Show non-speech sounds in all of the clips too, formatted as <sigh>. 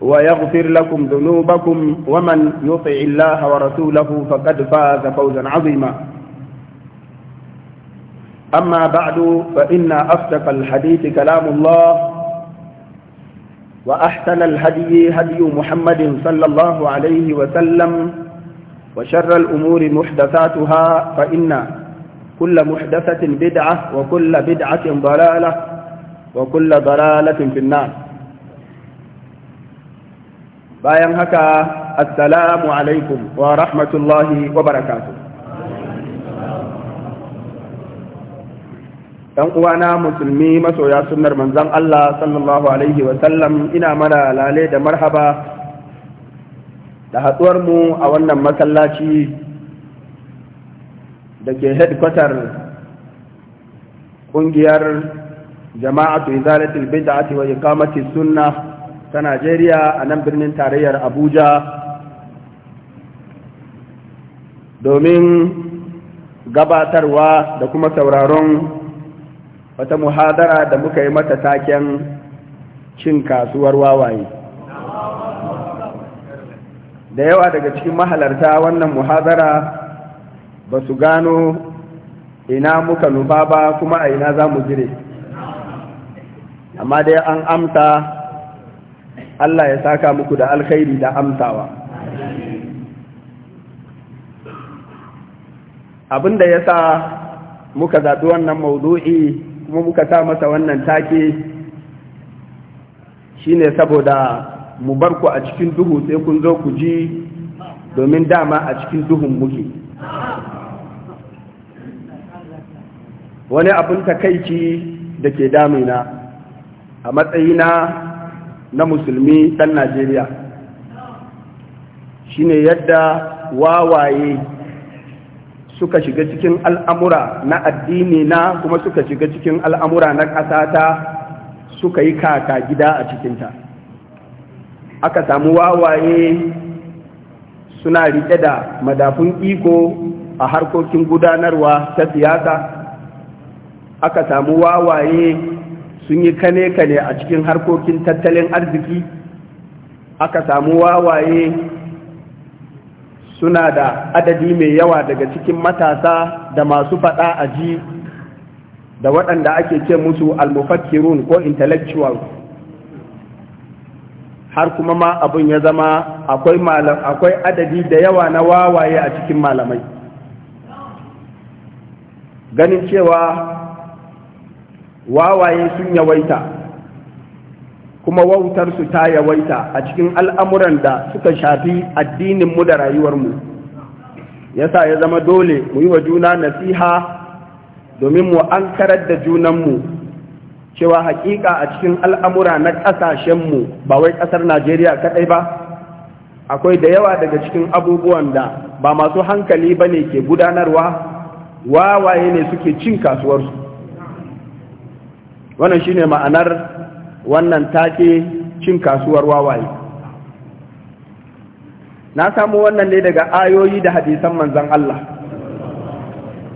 ويغفر لكم ذنوبكم ومن يطع الله ورسوله فقد فاز فوزا عظيما أما بعد فإن أصدق الحديث كلام الله وأحسن الهدي هدي محمد صلى الله عليه وسلم وشر الأمور محدثاتها فإن كل محدثة بدعة وكل بدعة ضلالة وكل ضلالة في النار bayan haka assalamu alaikum wa rahmatullahi wa barakatu ɗan uwana musulmi masoya sunnar manzon Allah sallallahu alaihi wa sallam ina mara lale da marhaba da hatsuwarmu mu a wannan masallaci da ke hedkwatar ƙungiyar jama'atu izalatul bid'ati wa iqamati sunnah ta najeriya a nan birnin tarayyar abuja domin gabatarwa da kuma sauraron wata muhadara da muka yi mata taken cin kasuwar wawaye da yawa daga cikin mahalarta wannan muhadara ba su gano ina muka nufa ba kuma a ina za mu jire amma dai an amsa Allah ya saka muku da alkhairi da amsawa da ya sa muka zaɓi wannan maudu'i kuma muka sa masa wannan take shine saboda mu bar ku a cikin duhu sai kun zo ku ji domin dama a cikin duhun muke wani abin takaici da ke damina a matsayina na musulmi ɗan najeriya shine yadda wawaye suka shiga cikin al'amura na addini na kuma suka shiga cikin al'amura na ƙasa ta suka yi kaka gida a cikinta aka samu wawaye suna riƙe da madafun iko a harkokin gudanarwa ta siyasa aka samu wawaye sun yi kane-kane a cikin harkokin tattalin arziki aka samu wawaye suna da adadi mai yawa daga cikin matasa da masu faɗa a ji da waɗanda ake ce musu almufakkirun ko intellectual har kuma ma abin ya zama akwai adadi da yawa na wawaye a cikin malamai ganin cewa wawaye sun yawaita kuma wautarsu ta yawaita a cikin al'amuran da suka shafi addininmu da rayuwarmu yasa ya zama dole mu yi wa juna nasiha domin mu an karar da junanmu cewa hakika a cikin al'amura na ƙasashenmu ba wai ƙasar najeriya kaɗai ba akwai da yawa daga cikin abubuwan da ba masu hankali ba ne ke gudanarwa wawaye ne suke cin kasuwarsu wannan shine ma'anar wannan take cin kasuwar wawaye na samu wannan ne daga ayoyi da hadisan manzon Allah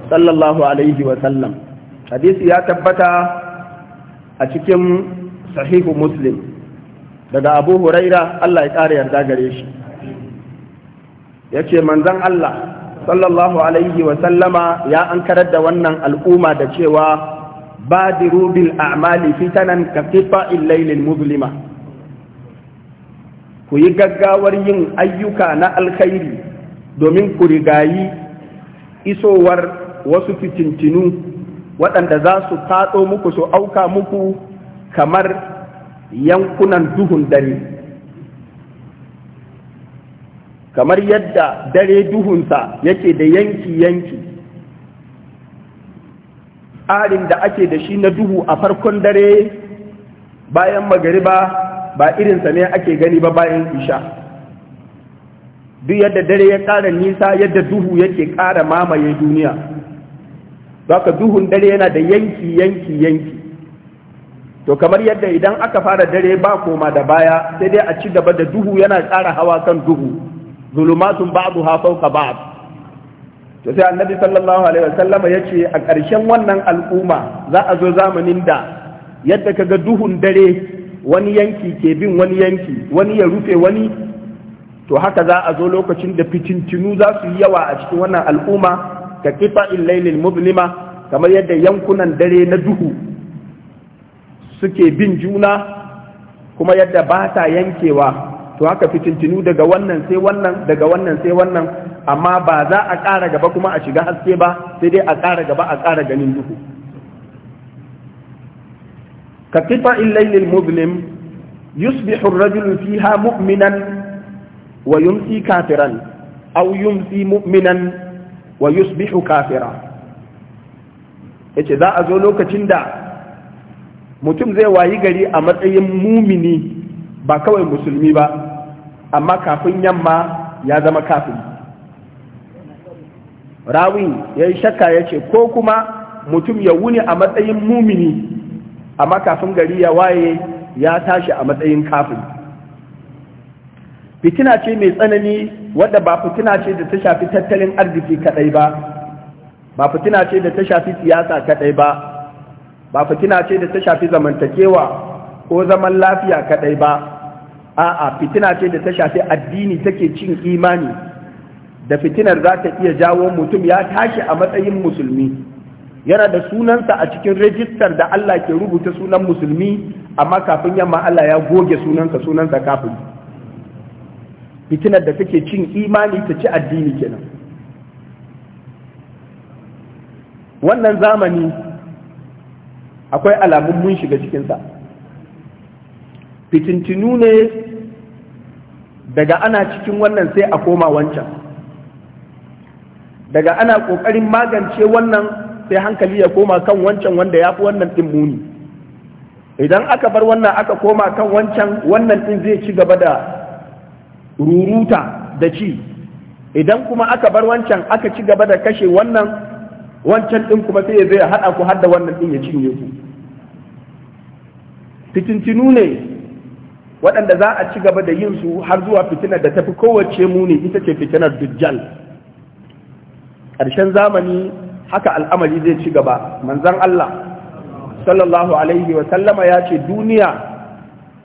sallallahu alaihi wa sallam hadisi ya tabbata a cikin sahihu muslim daga abu huraira Allah ya ƙara yarda gare shi Yace ce manzan Allah sallallahu alaihi wa sallama ya ankarar da wannan al'umma da cewa badiru bil a'mali fitanan ka qita'il muzlima ku yi gaggawar yin ayyuka na alkhairi domin ku rigayi isowar wasu fitintinu waɗanda za su tatso muku su auka muku kamar yankunan duhun dare kamar yadda dare duhunsa yake da yanki-yanki tsarin da ake da shi na duhu a farkon dare bayan magariba ba irinsa ne ake gani ba bayan isha duk yadda dare ya ƙara nisa yadda duhu yake ƙara mamaye duniya ka duhun dare yana da yanki yanki yanki to kamar yadda idan aka fara dare ba koma da baya sai dai a ci gaba da duhu yana ƙara hawa kan duhu zulumatun ba'du ha fawqa ba'd to sai annabi sallallahu alaihi wasallama ya ce a ƙarshen wannan al'umma za a zo zamanin da yadda ka ga duhun dare wani yanki ke bin wani yanki wani ya rufe wani to haka za a zo lokacin da fitintinu za su yi yawa a cikin wannan al'umma ka kifa illailin muslima kamar yadda yankunan dare na duhu suke bin juna kuma yadda ba ta yankewa to haka fitintinu daga wannan sai wannan daga wannan sai wannan amma ba za a ƙara gaba kuma a shiga haske ba sai dai a ƙara gaba a ƙara ganin duhu ka in illailil muslim yusbihu rajul fiha mu'minan wa yumsi kafiran aw yumsi mu'minan wa yusbihu kafira yace za a zo lokacin da mutum zai wayi gari a matsayin mumini ba kawai musulmi ba amma kafin yamma ya zama kafiri rawin ya yi shakka ya ce ko kuma mutum ya wuni a matsayin mumini amma kafin gari ya waye ya tashi a matsayin kafin fitina ce mai tsanani wadda ba fitina ce da ta shafi tattalin arziki kadai ba ba fitina ce da ta shafi siyasa kadai ba ba fitina ce da ta shafi zamantakewa ko zaman lafiya kadai ba a'a fitina ce da ta shafi addini take cin imani da fitinar za ta iya jawo mutum ya tashi a matsayin musulmi yana da sunansa a cikin rijistar da Allah ke rubuta sunan musulmi amma kafin yamma Allah ya goge sunansa sunansa kafin fitinar da take cin imani ta ci addini kenan wannan zamani akwai alamun mun shiga cikinsa fitintinu ne daga ana cikin wannan sai a koma wancan daga ana ƙoƙarin magance wannan sai hankali ya koma kan wancan wanda ya fi wannan ɗin muni idan aka bar wannan aka koma kan wancan wannan ɗin zai ci gaba da ruruta da ci idan kuma aka bar wancan aka ci gaba da kashe wannan wancan ɗin kuma sai ya zai haɗa ku har da wannan ɗin ya cinye ku fitintinu ne waɗanda za a ci gaba da yin su har zuwa fitinar da tafi kowace muni ita ce fitinar dujjal ƙarshen zamani haka al'amari zai ci gaba manzan Allah sallallahu alaihi wa sallama ya ce duniya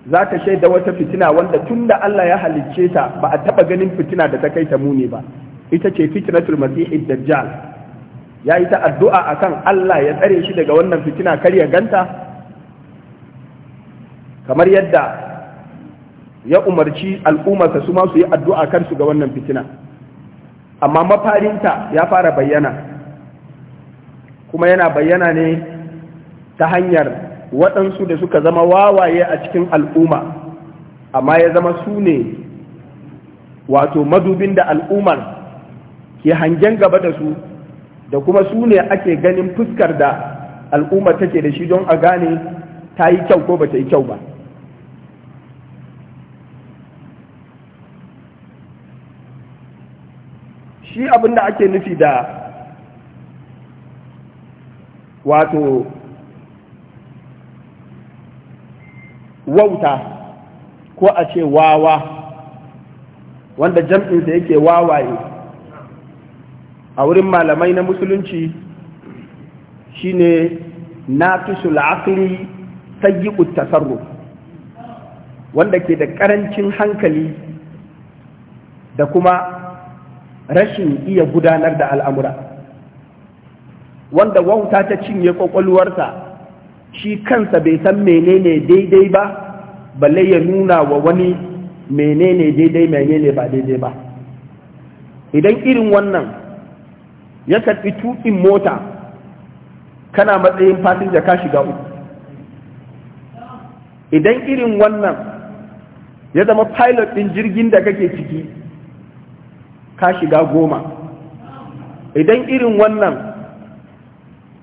za ta shaida wata fitina wanda tun da Allah ya halicce ta ba a taɓa ganin fitina da ta kai ta muni ba ita ce fitnatul masihi dajjal ya yi ta addu'a akan Allah ya tsare shi daga wannan fitina kar ya ganta kamar yadda ya umarci al'ummarsa su ma su yi addu'a su ga wannan fitina amma mafarinta ya fara bayyana kuma yana bayyana ne ta hanyar waɗansu da suka zama wawaye a cikin al'umma amma ya zama su ne wato madubin da al'ummar ke hangen gaba da su da kuma su ne ake ganin fuskar da al'ummar take da shi don a gane ta yi kyau ko ba ta yi kyau ba shi abin da ake nufi da wato wauta ko a ce wawa wanda jam'insa yake wawaye a wurin malamai na musulunci shine naqisul aqli sayyi'ut tasarruf wanda ke da ƙarancin hankali da kuma rashin iya gudanar da al'amura wanda wauta ta cinye ƙwaƙwalwarsa shi kansa bai san menene daidai ba balle ya nuna wa wani menene daidai menene ba daidai ba idan irin wannan ya karɓi tuƙin mota kana matsayin fasinja ka shiga uku idan irin wannan ya zama pilot ɗin jirgin da kake ciki ka shiga goma idan irin wannan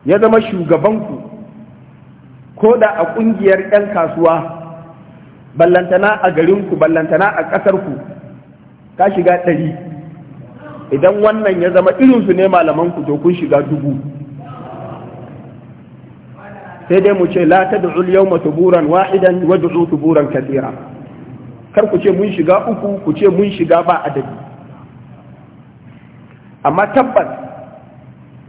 ya zama shugabanku ko da a ƙungiyar 'yan kasuwa ballantana a garinku ballantana a ƙasarku ka shiga ɗari idan wannan ya zama irinsu ne malamanku to kun shiga dubu sai dai mu ce la ta da'ul yau matuburan wa'idan wa zuwa tuburan kasira kar ku ce mun shiga uku ku ce mun shiga ba adadi amma tabbas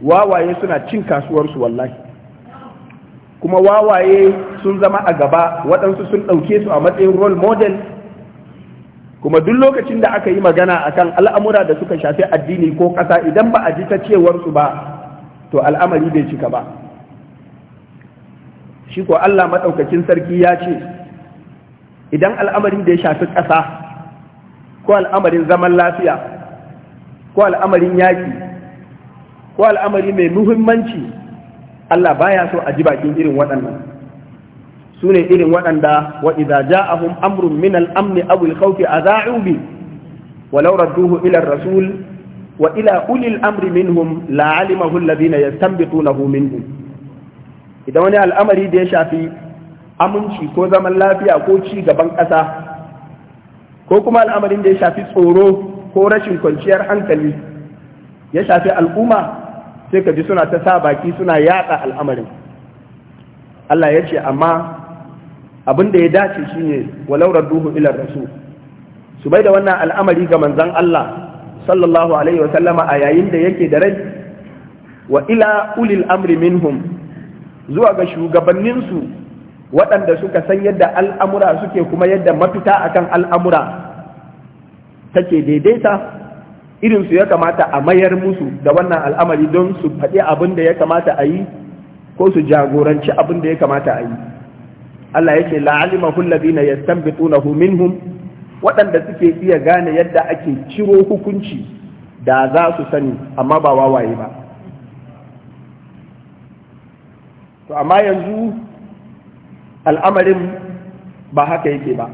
wawaye suna cin kasuwarsu wallahi kuma wawaye sun zama a gaba waɗansu sun ɗauke su a matsayin role model kuma duk lokacin da aka yi magana akan al'amura da suka shafi addini ko ƙasa idan ba a ji ta cewarsu ba to al'amari bai cika ba shi ko Allah maɗaukacin sarki ya ce idan al'amarin da ya shafi ƙasa ko al'amarin zaman lafiya ko al'amarin yaƙi ko al'amari mai muhimmanci Allah baya so a ji bakin irin waɗannan su ne irin waɗanda wa idza ja'ahum amrun min al-amn aw al-khawf adha'u bi walau radduhu ila ar-rasul wa ila ulil amri minhum la'alimahu alladhina yastanbitunahu minhum idan wani al'amari da ya shafi aminci ko zaman lafiya ko ci gaban ƙasa ko kuma al'amarin da ya shafi tsoro ko rashin kwanciyar hankali ya shafi al'umma sai ka ji suna ta sa baki suna yatsa al'amarin Allah ya ce amma abin da ya dace shine walau radduhu ila rasul su bai da wannan al'amari ga manzon Allah sallallahu alaihi wa sallama a yayin da yake da rai wa ila ulil amri minhum zuwa ga shugabanninsu waɗanda suka san yadda al'amura suke kuma yadda mafita akan al'amura take daidaita irin su ya kamata a mayar musu da wannan al'amari don su faɗi abin da ya kamata a yi ko su jagoranci abin da ya kamata a yi Allah yake la'alima na yastanbitunahu minhum waɗanda suke iya gane yadda ake ciro hukunci da za su sani amma ba wawaye ba to amma yanzu al'amarin ba haka yake ba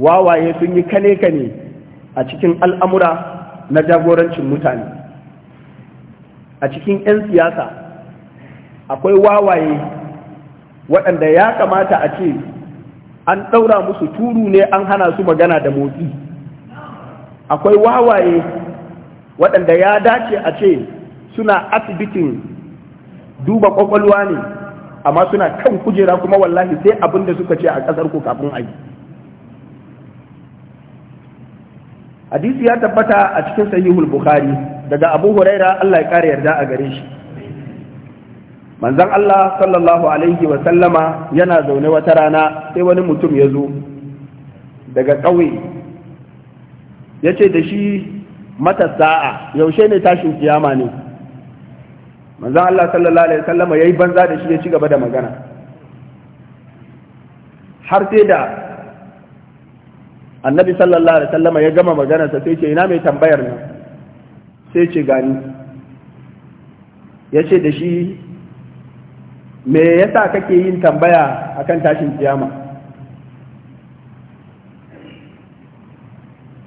wawaye sun yi kane-kane a cikin al'amura na jagorancin mutane a cikin 'yan siyasa akwai wawaye waɗanda ya kamata a ce an ɗaura musu turu ne an hana su magana da motsi akwai wawaye waɗanda ya dace a ce suna asibitin duba ƙwaƙwalwa ne amma suna kan kujera kuma wallahi sai abin da suka ce a ƙasar ku kafin a hadisi ya tabbata a cikin sahihul bukhari daga abu huraira Allah ya kare yarda a gare shi manzon Allah sallallahu alaihi wa sallama yana zaune wata rana sai wani mutum ya zo daga ƙauye ya ce da shi mata sa'a yaushe ne tashin kiyama ne manzon Allah sallallahu alaihi wa sallama yayi banza da shi ya ci gaba da magana har sai da annabi sallallahu alaihi wasallam ya gama magana sa sai ce ina mai tambayar nan sai ce gani ya ce da shi me yasa kake yin tambaya akan tashin kiyama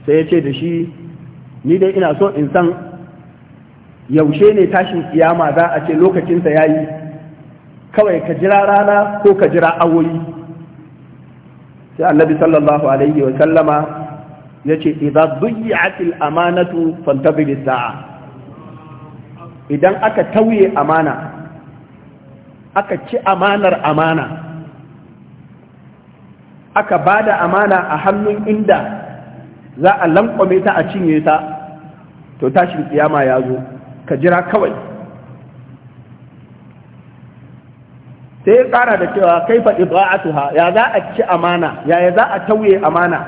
sai ya ce da shi ni dai ina so in san yaushe ne tashin kiyama za a ce lokacinsa ya yi kawai ka jira rana ko ka jira awoyi sai annabi sallallahu alaihi wa sallama yace idza duyya'atil amanatu fantabir sa'a idan aka tauye amana aka ci amanar amana aka bada amana a hannun inda za a lankwame ta a cinye ta to tashin kiyama ya zo ka jira kawai sai ya ƙara da cewa kai faɗi ba'atuha ya za a ci amana ya za a tauye amana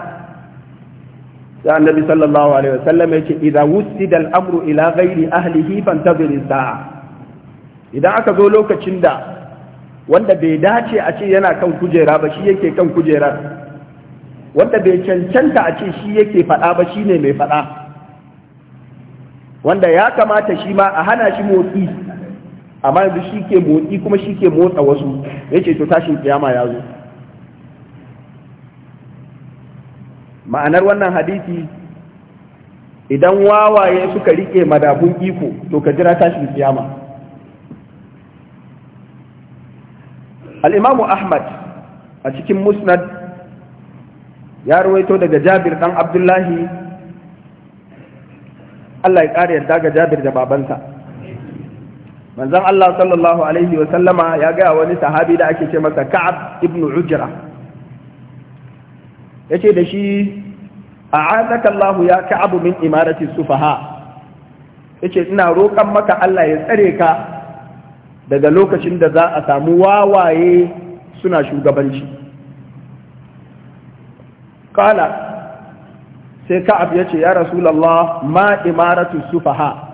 da annabi sallallahu alaihi wa ya yace, idza wusida al-amru ila ghairi ahlihi fantazir saa idan aka zo lokacin da wanda bai dace a ce yana kan kujera ba shi yake kan kujerar wanda bai cancanta a ce shi yake faɗa ba ne mai faɗa wanda ya kamata shi ma a hana shi motsi amma yanzu shi ke motsi kuma shi ke motsa wasu ya ce to tashin kiyama ya zo ma'anar wannan hadisi idan wawaye suka rike madafun iko to ka jira tashin kiyama al'imamu ahmad a cikin musnad ya ruwaito daga jabir dan abdullahi allah ya ƙara yarda ga jabir da babansa manzon Allah sallallahu alaihi wa sallama ya gaya wani sahabi da ake ce masa Ka'ab ibn Ujra yace da shi a'azaka Allah ya Ka'ab min imarati sufaha yace ina roƙan maka Allah ya tsare ka daga lokacin da za a samu wawaye suna shugabanci kala sai Ka'ab yace ya Rasulullah ma imaratu sufaha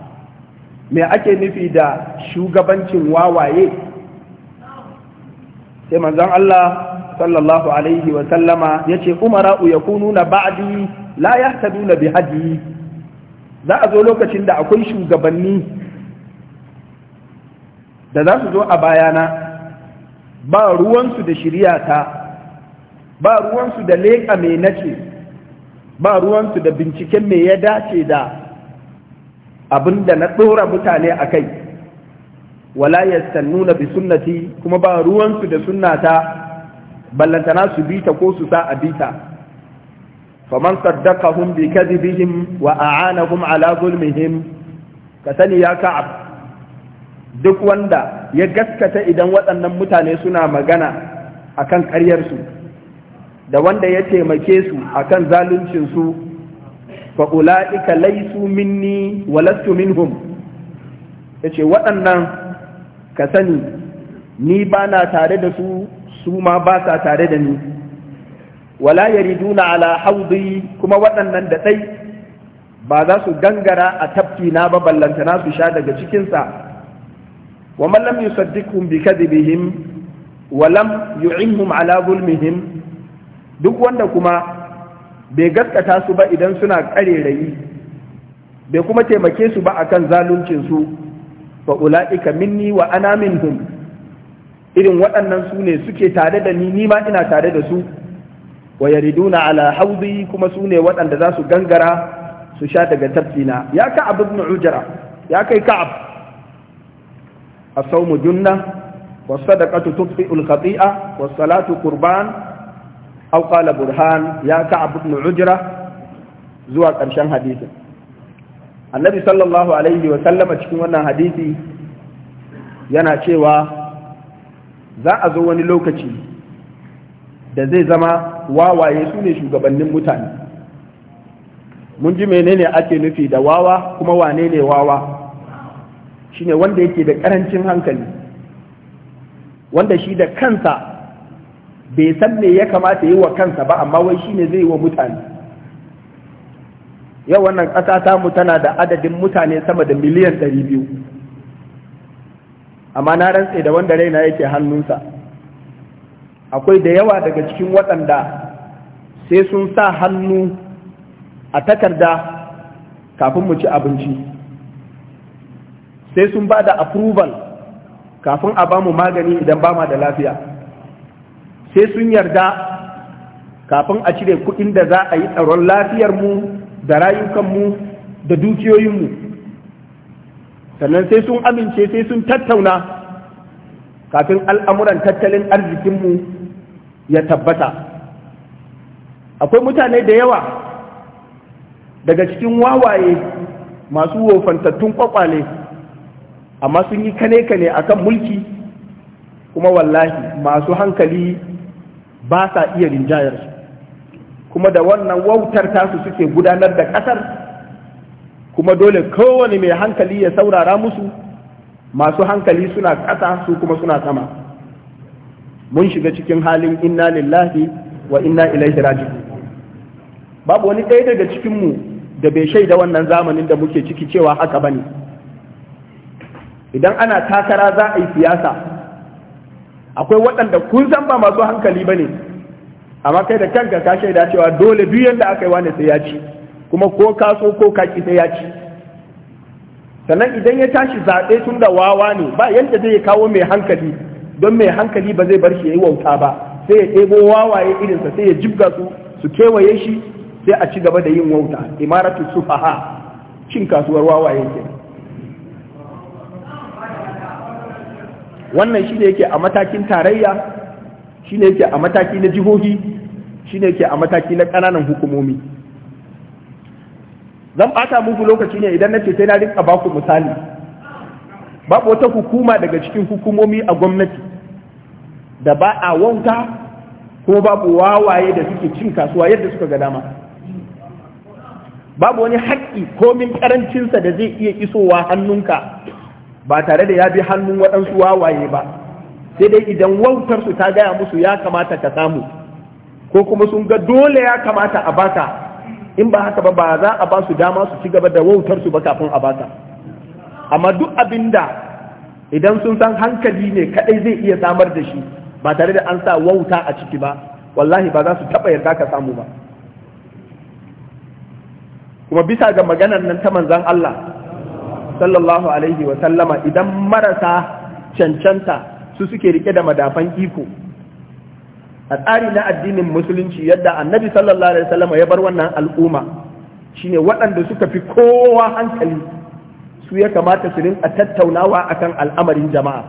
me ake nufi da shugabancin wawaye sai manzon Allah sallallahu alaihi wa sallama yace umara'u na ba'di la yahtaduna bi hadi za a zo lokacin da akwai shugabanni da za su zo a bayana ba ruwansu da ta, ba ruwansu da leƙa mai nace ba ruwansu da binciken mai ya dace da da na tsora mutane a kai wala yastannuna bi sunnati kuma ba ruwansu da sunnata ballantana su bita ko su sa a bita faman saddaqahum bi kadhibihim wa a'anahum ala zulmihim ka sani ya ka'ab duk wanda ya gaskata idan waɗannan mutane suna magana akan ƙaryarsu da wanda ya taimake su akan zaluncinsu fa ula'ika laisu minni wa lastu minhum yace waɗannan ka sani ni ba na tare da su su ma ba sa tare da ni wala yariduna ala haudi kuma waɗannan da ɗai ba za su gangara a tafki na ba ballantana su sha daga cikinsa wa man lam yusaddiqhum bi kadhibihim wa lam yu'inhum ala zulmihim duk wanda kuma bai gaskata su ba idan suna karerayi bai kuma taimake su ba akan zaluncin su fa ulaika minni wa ana minhum irin waɗannan su ne suke tare da ni ni ma ina tare da su wa yariduna ala hawdi kuma su ne waɗanda za su gangara su sha daga tafsina ya ka abu ibn ujra ya kai ka'ab as-sawmu junna was sadaqatu tudfi'u al-khati'a was salatu qurban aw qala burhan ya ka'ab ibn ujra zuwa ƙarshen hadisin annabi sallallahu alaihi wa sallama cikin wannan hadisi yana cewa za a zo wani lokaci da zai zama wawaye su ne shugabannin mutane mun ji menene ake nufi da wawa kuma wane ne wawa shine wanda yake da ƙarancin hankali wanda shi da kansa bai san me ya kamata yi wa kansa ba amma wai shine zai yi wa mutane yau wannan ƙasa tamu tana da adadin mutane sama da miliyan ɗari biyu amma na rantse da wanda raina yake hannunsa akwai da yawa daga cikin waɗanda sai sun sa hannu a takarda kafin mu ci abinci sai sun ba da approval kafin a ba mu magani idan ba ma da lafiya sai sun yarda kafin a cire kuɗin da za a yi tsaron lafiyarmu da rayukanmu da dukiyoyinmu sannan sai sun amince sai sun tattauna kafin al'amuran tattalin arzikinmu ya tabbata akwai mutane da yawa daga cikin wawaye masu wofantattun kwakwale amma sun yi kane-kane akan mulki kuma wallahi masu hankali ba sa iya rinjayar su kuma da wannan wautar tasu suke gudanar da ƙasar kuma dole kowane mai hankali ya saurara musu masu hankali suna ƙasa su kuma suna sama mun shiga cikin halin inna lillahi wa inna ilaihi raji'un babu wani ɗaya daga cikinmu da bai shaida wannan zamanin da muke ciki cewa haka bane idan ana takara za a yi siyasa akwai waɗanda kun san ba masu hankali ba ne amma kai da kanka ka shaida cewa dole duk yadda aka yi wani sai ya ci kuma ko ka so ko ka ki sai ya ci sannan idan ya tashi zaɓe tun da wawa ne ba yadda zai kawo mai hankali don mai hankali ba zai bar shi ya yi wauta ba sai ya ɗebo wawaye irinsa sai ya jibga su su kewaye shi sai a ci gaba da yin wauta imaratu sufaha cin kasuwar wawaye kenan wannan shi ne yake a matakin tarayya shi ne yake a mataki na jihohi shi ne yake a mataki na ƙananan hukumomi zan ɓata muku lokaci ne idan na ce sai na rika baku misali babu wata hukuma daga cikin hukumomi a gwamnati da ba a wanka ko babu wawaye da suke cin kasuwa yadda suka ga dama babu wani haƙƙi komin ƙarancinsa da zai iya isowa hannunka ba tare da ya bi hannun waɗansu wawaye ba sai dai idan wautarsu ta gaya musu ya kamata ka samu ko kuma sun ga dole ya kamata a baka in ba haka ba ba za a ba su dama su ci gaba da wautarsu ba kafin a baka amma duk abin da idan sun san hankali ne kadai zai iya samar da shi ba tare da an sa wauta a ciki ba wallahi ba za su taɓa yarda ka samu ba kuma bisa ga maganar nan ta manzan Allah sallallahu alaihi wa sallama idan marasa cancanta su suke rike da madafan iko a tsari na addinin musulunci yadda annabi sallallahu alaihi wasallama ya bar wannan al'umma shine waɗanda suka fi kowa hankali su ya kamata su rinka tattaunawa akan al'amarin jama'a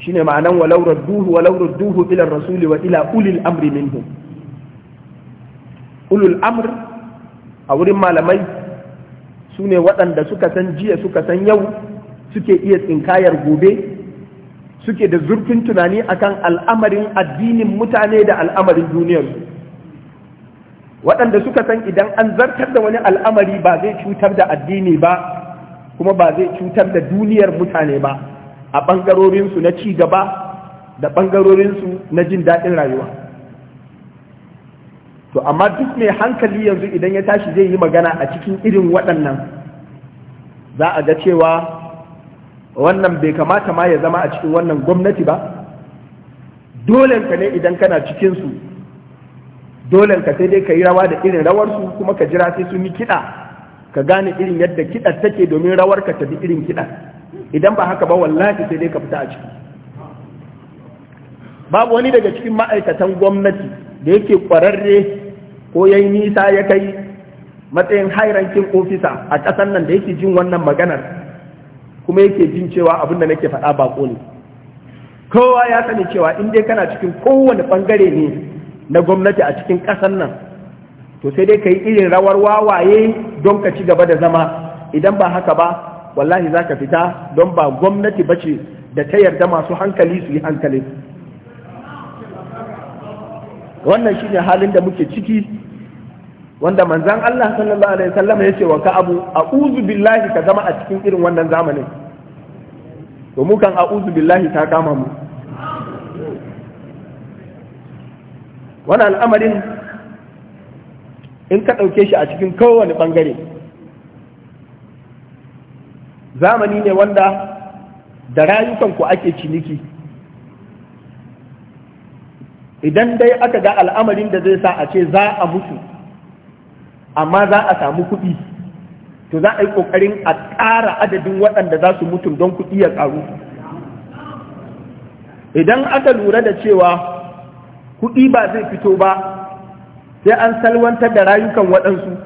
shine ma'anan walau radduhu walau radduhu ila rasuli wa ila ulil amri minhum ulul amr a wurin malamai su ne waɗanda suka san jiya suka san yau suke iya tsinkayar gobe suke da zurfin tunani akan al'amarin addinin mutane da al'amarin duniyar waɗanda suka san idan an zartar da wani al'amari ba zai cutar da addini ba kuma ba zai cutar da duniyar mutane ba a ɓangarorinsu na ci gaba da ɓangarorinsu na jin daɗin rayuwa to amma duk mai hankali yanzu idan ya tashi zai yi magana a cikin irin waɗannan za a ga cewa wannan bai kamata ma ya zama a cikin wannan gwamnati ba dolenka ne idan kana cikinsu dolenka sai dai ka yi rawa da irin rawarsu kuma ka jira sai sun yi kiɗa ka gane irin yadda kiɗa take domin rawar ka bi irin kiɗa idan ba haka ba wallahi sai dai ka fita a ciki babu wani daga cikin ma'aikatan gwamnati da yake ƙwararre ko yi nisa ya kai matsayin hairankin ofisa a ƙasar nan da yake jin wannan maganar kuma yake jin cewa abin da nake faɗa ba ne kowa ya sani cewa in dai kana cikin kowane ɓangare ne na gwamnati a cikin ƙasar nan to sai dai ka yi irin rawar wawaye don ka ci gaba da zama idan ba haka ba wallahi za ka fita don ba gwamnati ba ce da ta yarda masu hankali su yi hankali wannan shine halin da muke ciki wanda manzan Allah sallallahu alaihi wasallam ya ce wa abu a'udhu billahi ka zama a cikin irin wannan zamanin to mu kan a'udhu billahi ta kama mu wannan al'amarin in ka ɗauke shi a cikin kowane ɓangare zamani ne wanda da rayukanku ake ciniki idan dai aka ga al'amarin da zai sa a ce za a mutu amma za a samu kuɗi to za a yi ƙoƙarin a ƙara adadin waɗanda za su mutum don kuɗi ya ƙaru idan aka lura da cewa kuɗi ba zai fito ba sai an salwantar da rayukan waɗansu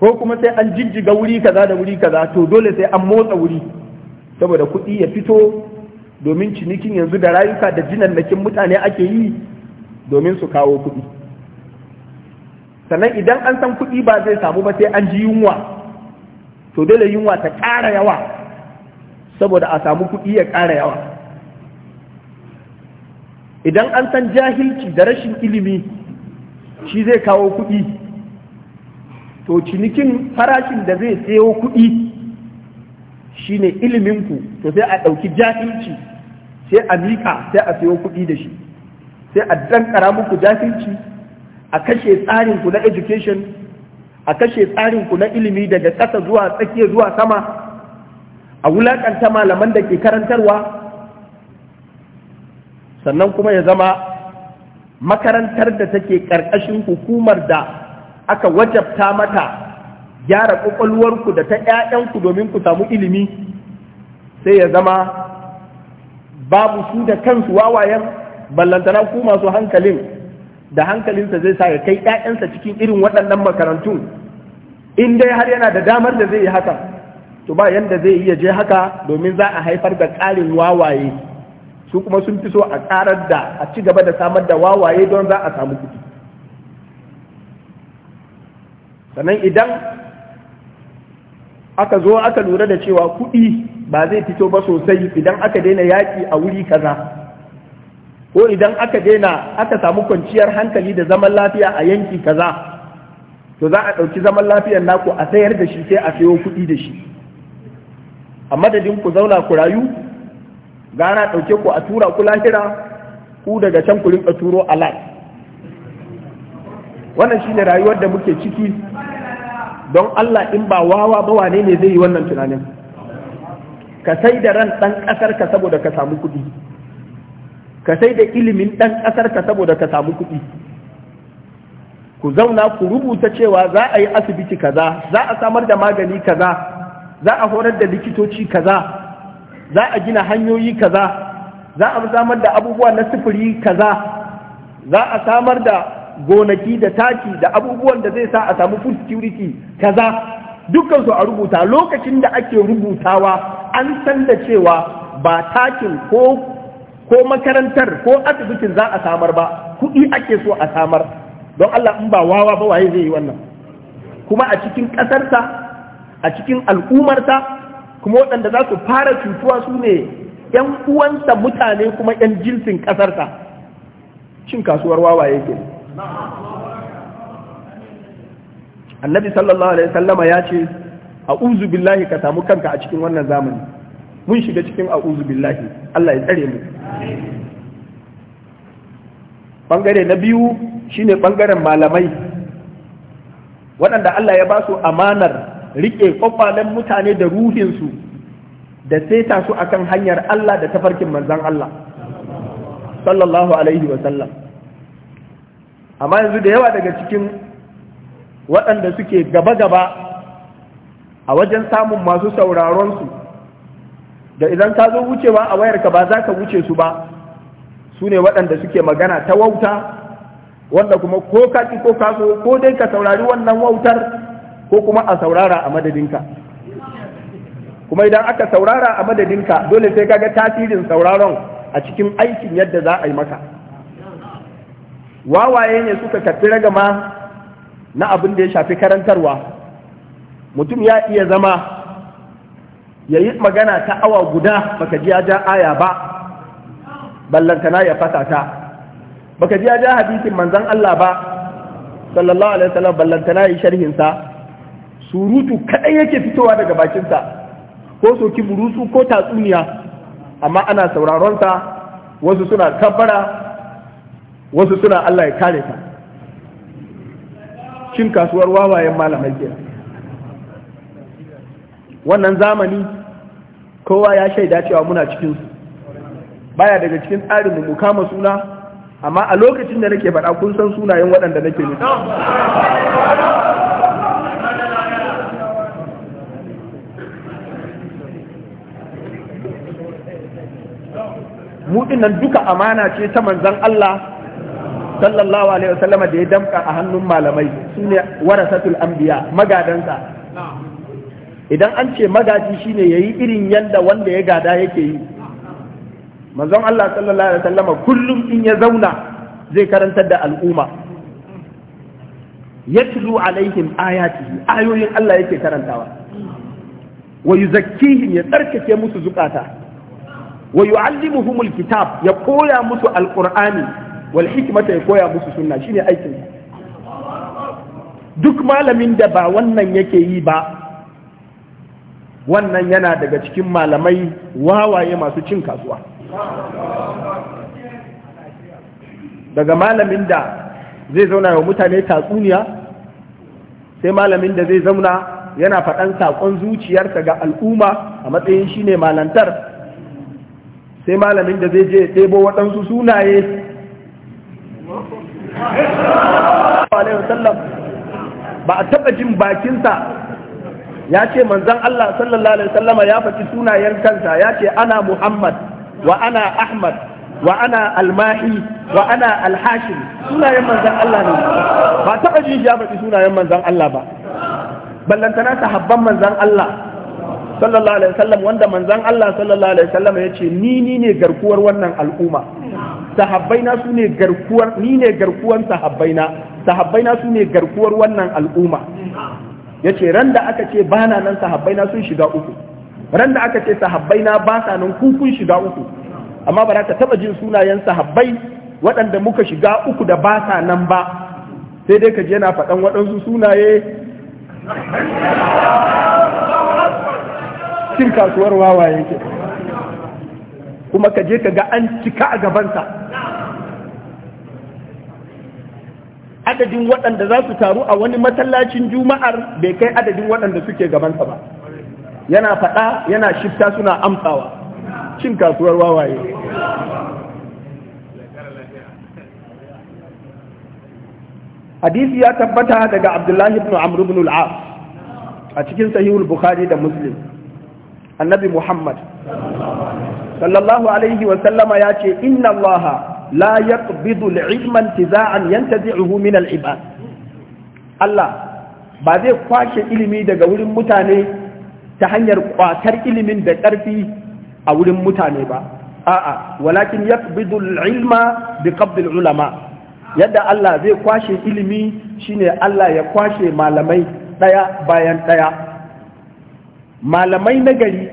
ko kuma sai an jijjiga wuri kaza da wuri kaza to dole sai an motsa wuri saboda kuɗi ya fito domin cinikin yanzu da rayuka da jinannakin mutane ake yi domin su kawo kuɗi. sannan idan an san kuɗi ba zai samu ba sai an ji yunwa to dole yunwa ta ƙara yawa saboda a samu kuɗi ya ƙara yawa idan an san jahilci da rashin ilimi shi zai kawo kuɗi to cinikin farashin da zai sayo kuɗi shi ne iliminku to sai a ɗauki jahilci sai a miƙa sai a sayo kuɗi da shi sai a dankara muku jahilci a kashe tsarinku na education a kashe tsarinku na ilimi daga ƙasa zuwa tsakiya zuwa sama a wulaƙanta malaman da ke karantarwa sannan kuma ya zama makarantar da take ƙarƙashin hukumar da aka wajabta mata gyara ƙwaƙwalwarku da ta 'ya'yanku domin ku samu ilimi sai ya zama babu su da kansu wawayen ballantana ku masu hankalin da hankalinsa zai sa ya kai ƴaƴansa cikin irin waɗannan makarantun in dai har yana da damar da zai yi haka to ba yanda zai iya je haka domin za a haifar da ƙarin wawaye su kuma sun fi so a ƙarar da a ci gaba da samar da wawaye don za a samu kuɗi sannan idan aka zo aka lura da cewa kuɗi ba zai fito ba sosai idan aka daina yaƙi a wuri kaza ko idan aka daina aka samu kwanciyar hankali da zaman lafiya a yanki kaza to za a ɗauki zaman lafiyar naku a sayar da shi sai a sayo kuɗi da shi a madadin ku zauna ku rayu gara ɗauke ku a tura ku lahira ku daga can ku rinka turo a lai wannan shine rayuwar da muke ciki don Allah in ba wawa ba wane ne zai yi wannan tunanin ka sai da ran ɗan ƙasar ka saboda ka samu kuɗi ka sai da ilimin ɗan ƙasarka saboda ka samu kuɗi ku zauna ku rubuta cewa za a yi asibiti kaza za a samar da magani kaza za a horar da likitoci kaza za a gina hanyoyi kaza za a samar da abubuwa na sufuri kaza za a samar da gonaki da taki da abubuwan da zai sa a samu food security kaza dukkan su a rubuta lokacin da ake rubutawa an san da cewa ba takin ko ko makarantar ko asibitin za a samar ba kuɗi ake so a samar don Allah in ba wawa ba waye zai yi wannan kuma a cikin ƙasarsa a cikin al'umarsa kuma waɗanda za su fara cutuwa su ne ‘yan uwansa mutane kuma ‘yan jinsin ƙasarsa cin kasuwar wawa yake annabi sallallahu alaihi sallama ya ce a billahi ka samu kanka a cikin wannan zamani mun shiga cikin a billahi Allah ya tsare mu bangare na biyu shine bangaren malamai waɗanda Allah ya ba su amanar riƙe kwakwalen mutane da ruhinsu da seta su akan hanyar Allah da tafarkin manzan Allah sallallahu alaihi wasallam amma yanzu da yawa daga cikin waɗanda suke gaba-gaba a wajen samun masu sauraronsu da idan ka zo wucewa a wayarka ba za ka wuce su ba su ne waɗanda suke magana ta wauta wanda kuma ko ka ko ka ko dai ka saurari wannan wautar ko kuma a saurara a madadinka kuma idan aka saurara a madadinka dole sai kaga tasirin sauraron a cikin aikin yadda za a yi maka wawaye ne suka karfi ragama na abin da ya shafi karantarwa mutum ya iya zama ya yi magana ta awa guda baka ji ya ja aya ba ballantana ya fasa ta baka ji ya ja hadisin manzan Allah ba sallallahu alaihi wasallam ballantana ya yi sharhinsa surutu kadai yake fitowa daga bakinsa ko soki burusu ko tatsuniya amma ana sauraron sa, wasu suna kabbara wasu suna Allah ya kare ta cin kasuwar wawayen malamai kenan wannan zamani kowa ya shaida cewa muna cikinsu baya daga cikin tsarin mu kama suna amma a lokacin da nake faɗa kun san sunayen waɗanda nake nufi mu nan duka amana ce ta manzon Allah sallallahu alaihi wasallama da ya damka a hannun malamai sune warasatul anbiya magadansa idan an ce magaji shine yi irin yadda wanda ya gada yake yi mazan Allah sallallahu alaihi wasallama kullum in ya zauna zai karantar da al'umma Ya yatlu alaihim ayati ayoyin Allah yake karantawa wa yuzakkihim ya tsarkake musu zukata wa yu'allimuhum Kitab ya koya musu alqur'ani wal hikmata ya koya musu sunna shine aikin duk malamin da ba wannan yake yi ba wannan yana daga cikin malamai wawaye masu cin kasuwa daga malamin da zai zauna wa mutane tatsuniya sai malamin da zai zauna yana faɗan saƙon zuciyarsa ga al'umma a matsayin shine malantar sai malamin da zai je ɗebo waɗansu sunaye ba a taɓa jin bakinsa ya ce manzon Allah sallallahu alaihi wasallama ya faɗi sunayen kansa ya ce ana Muhammad wa ana Ahmad wa ana Almahi wa ana Alhashim sunayen manzan Allah ne ba taɓa jin ya faɗi sunayen manzan Allah ba ballantana sahabban manzan Allah sallallahu alaihi wasallam wanda manzan Allah sallallahu alaihi wasallam ya ce ni ni ne garkuwar wannan al'umma sahabbaina su ne garkuwar ni ne garkuwar sahabbaina sahabbaina su ne garkuwar wannan al'umma ya ce ran da aka ce ba na nan sahabbai na sun shiga uku ran da aka ce sahabbai na ba sa nan kun shiga uku amma ba za ka taba jin sunayen sahabbai waɗanda muka shiga uku da ba sa nan ba sai dai ka je na faɗan waɗansu sunaye cin kasuwar wawaye ke kuma ka je ka ga an cika a gabansa adadin waɗanda za su taru a wani masallacin juma'ar bai kai adadin waɗanda suke gabansa ba yana faɗa yana shifta suna amsawa cin kasuwar wawaye hadisi ya tabbata daga abdullahi ibn amr ibn al a cikin sahihul bukhari da muslim annabi muhammad sallallahu alaihi wa sallama ya ce inna allaha la yaqbidu al-ilma intiza'an yantazi'uhu min al-ibad Allah ba zai kwashe ilimi daga wurin mutane ta hanyar kwatar ilimin da ƙarfi a wurin mutane ba a'a walakin yaqbidu al-ilma bi qabd ulama yadda Allah zai kwashe ilimi shine Allah ya kwashe malamai ɗaya bayan ɗaya malamai na gari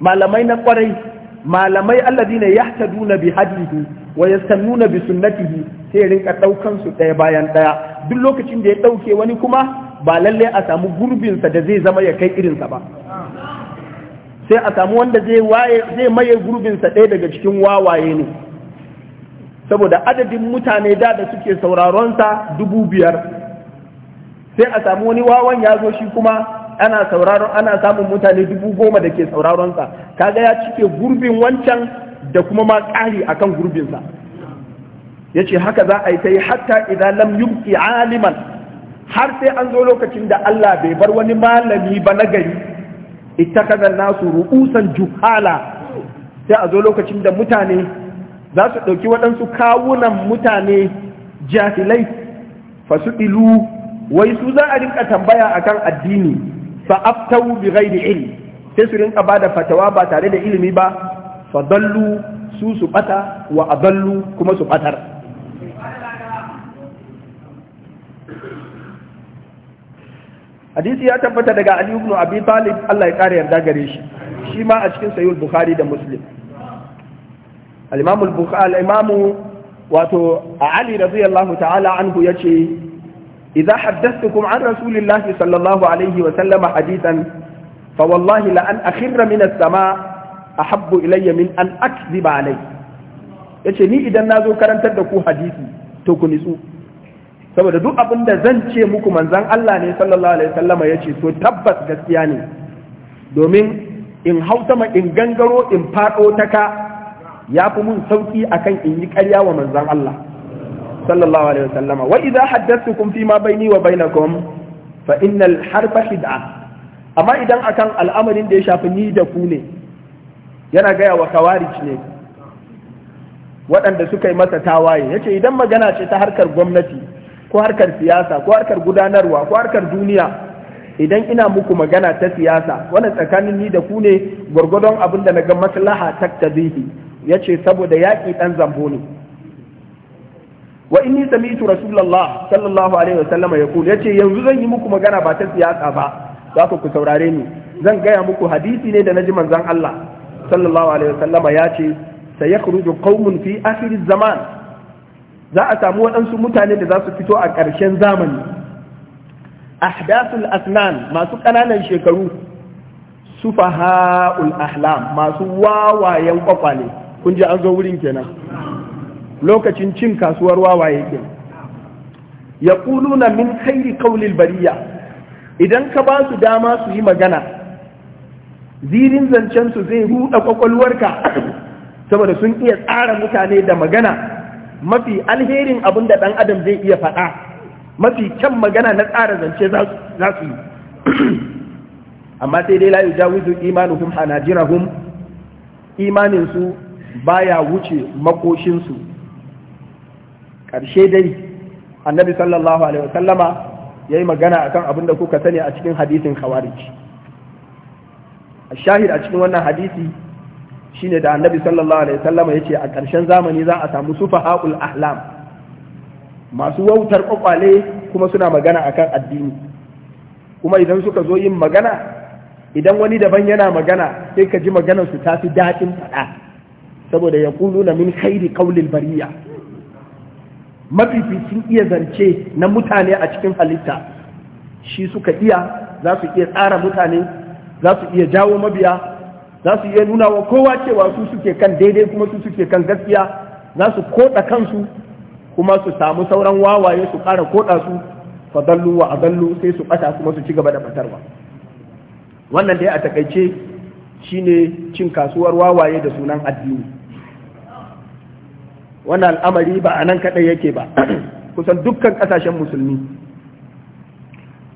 malamai na kwarai. malamai alladina yahtaduna bi hadihi wa yastannuna bi sunnatihi sai rinka daukan su daya bayan daya duk lokacin da ya dauke wani kuma ba lalle a samu gurbin sa da zai zama ya kai irin sa ba sai a samu wanda zai waye zai maye gurbin sa daya daga cikin wawaye ne saboda adadin mutane da da suke sauraron sa dubu biyar sai a samu wani wawan ya zo shi kuma ana sauraron ana samun mutane dubu goma da ke sauraron sa kaga ya cike gurbin wancan da kuma ma ƙari akan gurbin sa yace haka za a yi ta hatta idan lam yubqi aliman har sai an zo lokacin da Allah bai bar wani malami ba na gari ittakaza nasu ru'usan juhala sai a zo lokacin da mutane za su ɗauki waɗansu kawunan mutane jahilai fasu ilu wai su za a rinka tambaya akan addini fa aftau bi ghairi ilmi sai su rinka bada fatawa ba tare da ilimi ba fa dallu su su bata wa adallu kuma su batar hadisi ya tabbata daga Ali ibn Abi Talib Allah ya kare yarda gare shi shi ma a cikin sahih bukhari da Muslim al-Imam al-Bukhari al-Imam wato Ali radiyallahu ta'ala anhu yace إذا حدثتكم عن رسول الله صلى الله عليه وسلم حديثا فوالله لأن أخر من السماء أحب إلي من أن أكذب عليه yace ni idan na zo karantar da ku hadisi to ku nitsu saboda duk abin da zan ce muku manzan Allah ne sallallahu alaihi wasallama yace to tabbas gaskiya ne domin in hauta ma in gangaro in fado ta ka yafi mun sauki akan in yi ƙarya wa manzan Allah sallallahu alaihi wasallama wa idza haddathukum fi ma baini wa bainakum fa innal harfa hid'a amma idan akan al'amarin da ya shafi ni da ku ne yana gaya wa kawarij ne waɗanda suka yi masa tawaye yace idan magana ce ta harkar gwamnati ko harkar siyasa ko harkar gudanarwa ko harkar duniya idan ina muku magana ta siyasa wannan tsakanin ni da ku ne gwargwadon abin da na ga maslaha taktazihi yace saboda yaƙi ɗan zambo ne wa inni sami'tu rasulullah sallallahu alaihi wasallam yaqul yace yanzu zan yi muku magana ba ta siyasa ba za ku saurare ni zan gaya muku hadisi ne da naji manzon Allah sallallahu alaihi wasallam ya ce sayakhruju qaumun fi akhir zaman za a samu waɗansu mutane da za su fito a ƙarshen zamani ahdathul asnan masu ƙananan shekaru sufaha'ul ahlam masu wawayen kwakwale kun ji an zo wurin kenan lokacin cin kasuwar wawaye yake ya na min khairi kaulil bariya idan ka ba su dama su yi magana zirin zancen su zai huda kwakwalwarka saboda sun iya tsara mutane da magana mafi alherin abin da ɗan adam zai iya faɗa mafi kyan magana na tsara zance za su yi <clears throat> amma sai dai layu jawizu imanuhum hanajirahum imaninsu baya wuce makoshinsu ƙarshe dai annabi sallallahu alaihi wasallama ya yi magana akan abin da kuka sani a cikin hadisin khawarij a shahid a cikin wannan hadisi shine da annabi sallallahu alaihi wasallama ya ce a ƙarshen zamani za a samu sufaha'ul ahlam masu wautar ƙwaƙwale kuma suna magana akan addini kuma idan suka zo yin magana idan wani daban yana magana sai ka ji maganar su tafi daɗin faɗa saboda ya na min khairi qaulil bariya mafificin iya zance na mutane a cikin halitta shi suka iya za su iya tsara mutane za su iya jawo mabiya za su iya nuna wa kowa cewa su suke kan daidai kuma su suke kan gaskiya za su koda kansu kuma su samu sauran wawaye su ƙara koda su fadallu wa adallu sai su ɓata kuma su ci gaba da fatarwa wannan dai a takaice shine cin kasuwar wawaye da sunan addini wannan al'amari ba a nan kaɗai yake ba <clears throat> kusan dukkan ƙasashen musulmi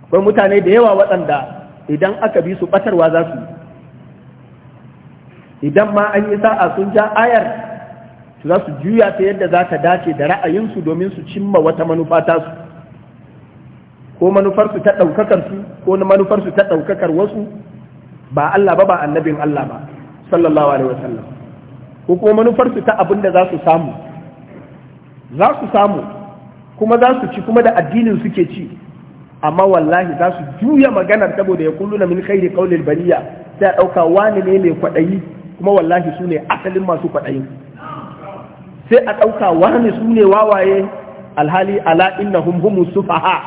akwai mutane da yawa waɗanda idan aka bi su ɓatarwa za su idan ma an yi sa'a sun ja ayar za su juya ta yadda za ta dace da ra'ayinsu domin su cimma wata manufa tasu ko manufarsu ta ɗaukakar su ko manufarsu ta ɗaukakar wasu ba Allah ba ba annabin Allah ba sallallahu alaihi wasallam ko kuma manufarsu ta abin da za su samu za su samu kuma za su ci kuma da addinin suke ci amma wallahi za su juya maganar saboda ya kulluna min khairi qaulil bariya sai a dauka wani ne mai kwadayi kuma wallahi su ne asalin masu kwadayi sai a dauka wani su ne wawaye alhali ala innahum hum sufaha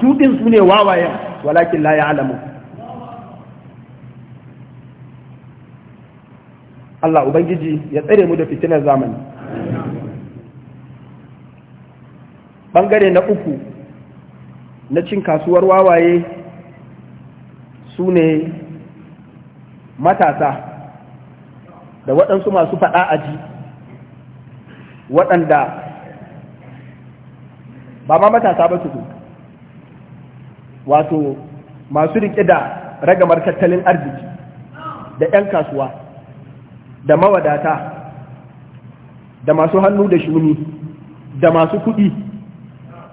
su din su ne wawaye, walakin la ya'lamu Allah ubangiji ya tsare mu da fitinar zamani Bangare na uku na cin kasuwar wawaye su ne matasa da waɗansu masu faɗa a ji waɗanda ba ma matasa ba su wato masu riƙe da ragamar tattalin arziki da 'yan kasuwa da mawadata da masu hannu da shuni da masu kuɗi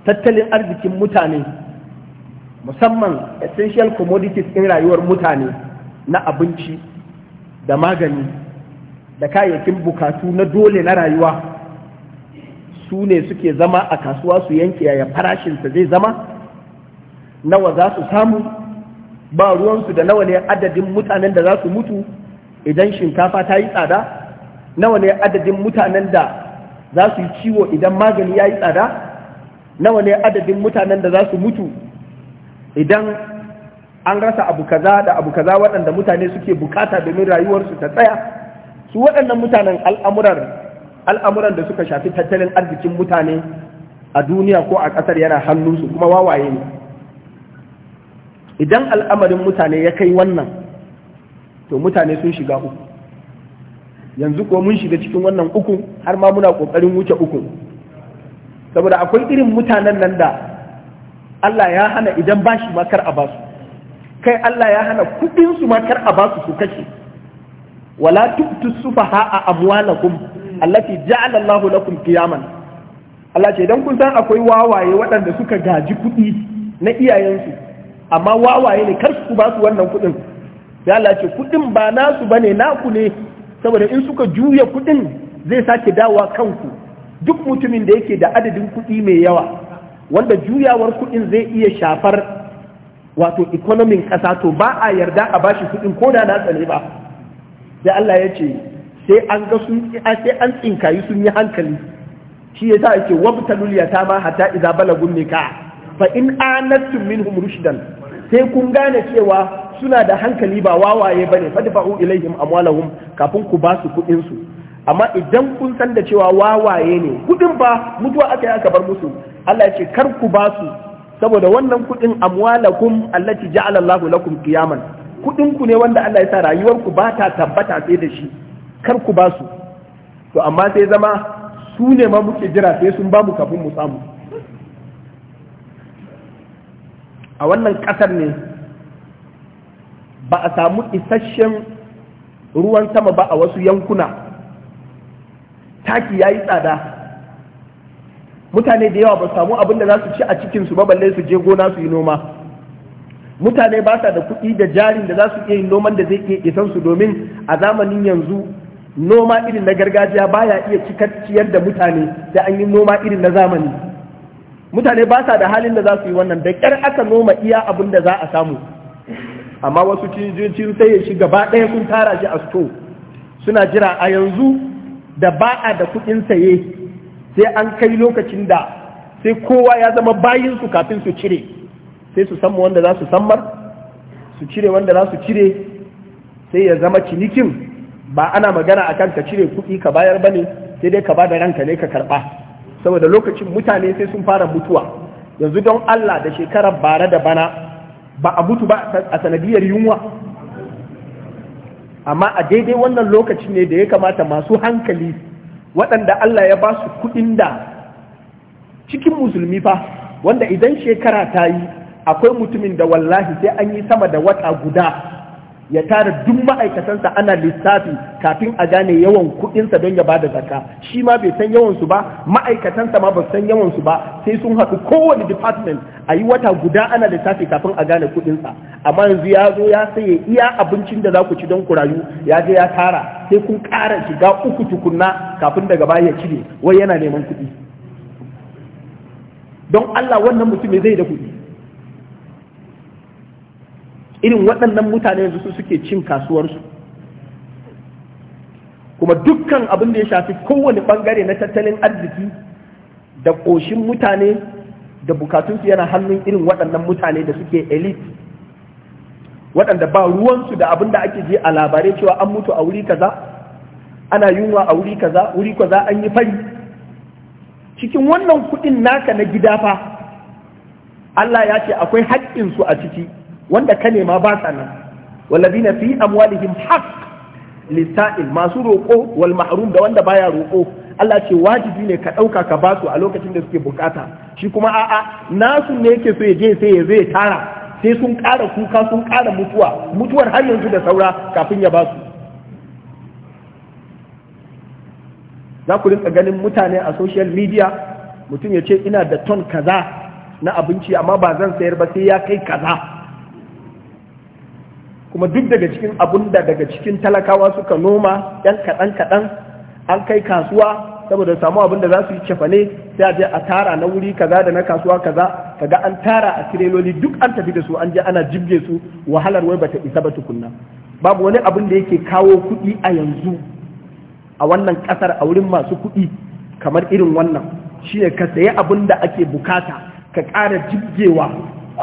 tattalin arzikin mutane musamman essential commodities in rayuwar mutane na abinci da magani da kayayyakin bukatu na dole na rayuwa su ne suke zama a kasuwa su yanke yaya farashinsa zai zama nawa za su samu ba ruwansu da nawa ne adadin mutanen da za su mutu idan shinkafa ta yi tsada nawa ne adadin mutanen da za su yi ciwo idan magani ya yi tsada nawa ne adadin mutanen da za su mutu idan an rasa abu kaza da abu kaza waɗanda mutane suke bukata domin rayuwarsu ta tsaya su waɗannan mutanen al'amuran da suka shafi tattalin arzikin mutane a duniya ko a ƙasar yana hannunsu kuma wawaye ne idan al'amarin mutane ya kai wannan to mutane sun shiga uku yanzu ko mun shiga cikin wannan uku har ma muna ƙoƙarin wuce uku saboda akwai irin mutanen nan da Allah ya hana idan ba ma kar a basu kai Allah ya hana kudin su ma a basu su kashe wala tubtu sufaha a amwalakum allati ja'ala Allahu lakum qiyaman Allah ce dan kun san akwai wawaye waɗanda suka gaji kuɗi na iyayensu amma wawaye ne kar su ba su wannan kuɗin sai Allah ce kuɗin ba nasu bane naku ne saboda in suka juya kuɗin zai sake dawowa kanku duk mutumin da yake da adadin kuɗi mai yawa wanda juyawar kuɗin zai iya shafar wato ikonomin ƙasa to ba a yarda a bashi kuɗin ko da na tsane ba sai Allah ya ce sai an ga sun sai an tsinkayi sun yi hankali shi yasa yake wabtalul yatama hatta idza balagun nika fa in min minhum rushdan sai kun gane cewa suna da hankali ba wawaye bane fadfa'u ilaihim amwalahum kafin ku ba su kuɗin su amma idan kun san da cewa wawaye ne kudin ba mutuwa aka yi aka bar musu Allah ya ce kar ku ba su saboda wannan kudin amwalakum allati ja'ala Allahu lakum qiyaman kudin ku ne wanda Allah ya sa rayuwar ku ba ta tabbata sai da shi kar ku ba su to amma sai zama su ne ma muke jira sai sun ba mu kafin mu samu a wannan kasar ne ba a samu isasshen ruwan sama ba a wasu yankuna taki ya yi tsada mutane da yawa ba samu abin da za su ci a cikinsu ba balle su je gona su yi noma mutane ba sa da kuɗi da jarin da za su iya yin noman da zai iya isan su domin a zamanin yanzu noma irin na gargajiya baya iya cikakkiyar da mutane da an yi noma irin na zamani mutane ba sa da halin da za su yi wannan da ƙyar aka noma iya abin da za a samu amma wasu cin sai ya shi gaba ɗaya sun tara shi a sto suna jira a yanzu da ba a da kuɗin saye sai an kai lokacin da sai kowa ya zama bayinsu kafin su cire sai su samu wanda za su sammar su cire wanda za su cire sai ya zama cinikin ba ana magana akan ka cire kuɗi ka bayar bane sai dai ka ba da ranka ne ka karɓa saboda lokacin mutane sai sun fara mutuwa yanzu don Allah da shekarar bara da bana ba a mutu ba a sanadiyar yunwa amma a daidai wannan lokaci ne da ya kamata masu hankali waɗanda Allah ya ba su kuɗin da cikin musulmi fa wanda idan shekara ta yi akwai mutumin da wallahi sai an yi sama da wata guda ya tara duk ma'aikatansa ana lissafi kafin a gane yawan kuɗinsa don ya bada zakka shi ma bai san yawan su ba ma'aikatansa ma ba su san yawan su ba sai sun haɗu kowane department a yi wata guda ana lissafi kafin a gane kuɗinsa amma yanzu ya zo ya saye iya abincin da za ku ci don ku rayu ya je ya tara sai kun ƙara shiga uku tukunna kafin daga baya ya cire wai yana neman kuɗi don Allah wannan mutum zai da kuɗi irin waɗannan mutane yanzu su suke cin kasuwarsu kuma dukkan abin da ya shafi kowane ɓangare na tattalin arziki da ƙoshin mutane da bukatunsu yana hannun irin waɗannan mutane da suke elite waɗanda ba ruwansu da abin da ake je a labarai cewa an mutu a wuri kaza ana yunwa a wuri kaza wuri kaza an yi fari cikin wannan kuɗin naka na gida fa Allah ya ce akwai haƙƙinsu a ciki wanda ka nema ba sa nan walladina fi amwalihim haqq lisa'il masu roƙo wal mahrum da wanda baya roƙo Allah ce wajibi ne ka ɗauka ka ba su a lokacin da suke bukata shi kuma a'a nasu ne yake so ya je sai ya zai tara sai sun ƙara kuka sun ƙara mutuwa mutuwar har yanzu da saura kafin ya ba su za ku rinka ganin mutane a social media mutum ya ce ina da ton kaza na abinci amma ba zan sayar ba sai ya kai kaza kuma duk daga cikin abun da daga cikin talakawa suka noma yan kaɗan kaɗan an kai kasuwa saboda samu abin da za su yi cefane sai a je a tara na wuri kaza da na kasuwa kaza kaga an tara a tireloli duk an tafi da su an je ana jibge su wahalar wai bata isa ba tukunna babu wani abun da yake kawo kuɗi a yanzu a wannan ƙasar a wurin masu kuɗi kamar irin wannan shi ne ka sayi abun da ake bukata ka ƙara jibgewa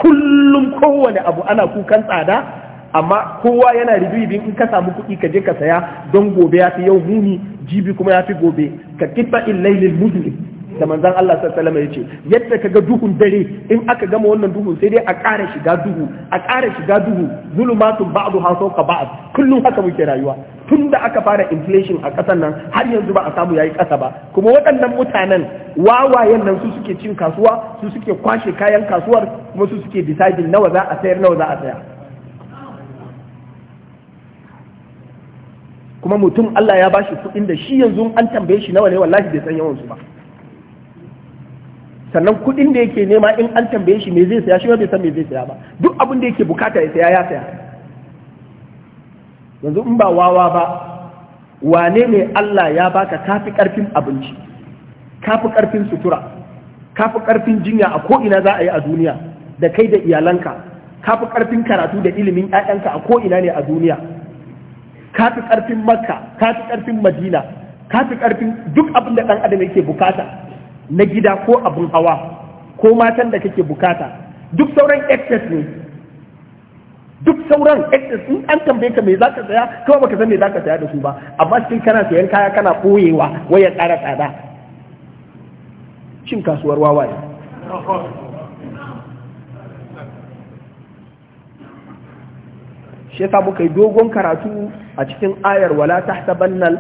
kullum kowane abu ana kukan tsada amma kowa yana ribibin in ka samu kuɗi ka je ka saya don gobe ya fi yau muni jibi kuma ya fi gobe ka kifa illailil mudlim da manzan Allah sallallahu alaihi ce yadda ka ga duhun dare in aka gama wannan duhun sai dai a ƙara shiga duhu a ƙara shiga duhu zulumatun ba'du ha sauka ba'd kullum haka muke rayuwa tun da aka fara inflation a ƙasar nan har yanzu ba a samu yayi ƙasa ba kuma waɗannan mutanen wawayen nan su suke cin kasuwa su suke kwashe kayan kasuwar kuma su suke deciding nawa za a sayar nawa za a saya kuma mutum Allah ya bashi kuɗin da shi yanzu an tambaye shi nawa ne wallahi bai san yawan su ba sannan kuɗin da yake nema in an tambaye shi me zai saya shi bai san me zai saya ba duk abin da yake bukata ya saya ya saya yanzu in ba wawa ba wane ne Allah ya baka kafi karfin abinci kafi karfin sutura kafi karfin jinya a ko ina za a yi a duniya da kai da iyalanka kafi karfin karatu da ilimin 'ya'yanka a ko ina ne a duniya ka fi ƙarfin makka ka fi ƙarfin madina ka fi ƙarfin duk abin da ɗan adam yake bukata na gida ko abin hawa ko matan da kake bukata duk sauran excess ne duk sauran excess in an tambaye ka me za ka saya kawa baka san me za ka saya da su ba amma cikin kana sayan kaya kana ɓoyewa waya tsara tsada cin kasuwar wawaye shi yasa muka yi dogon karatu a cikin ayar wala tahtabannal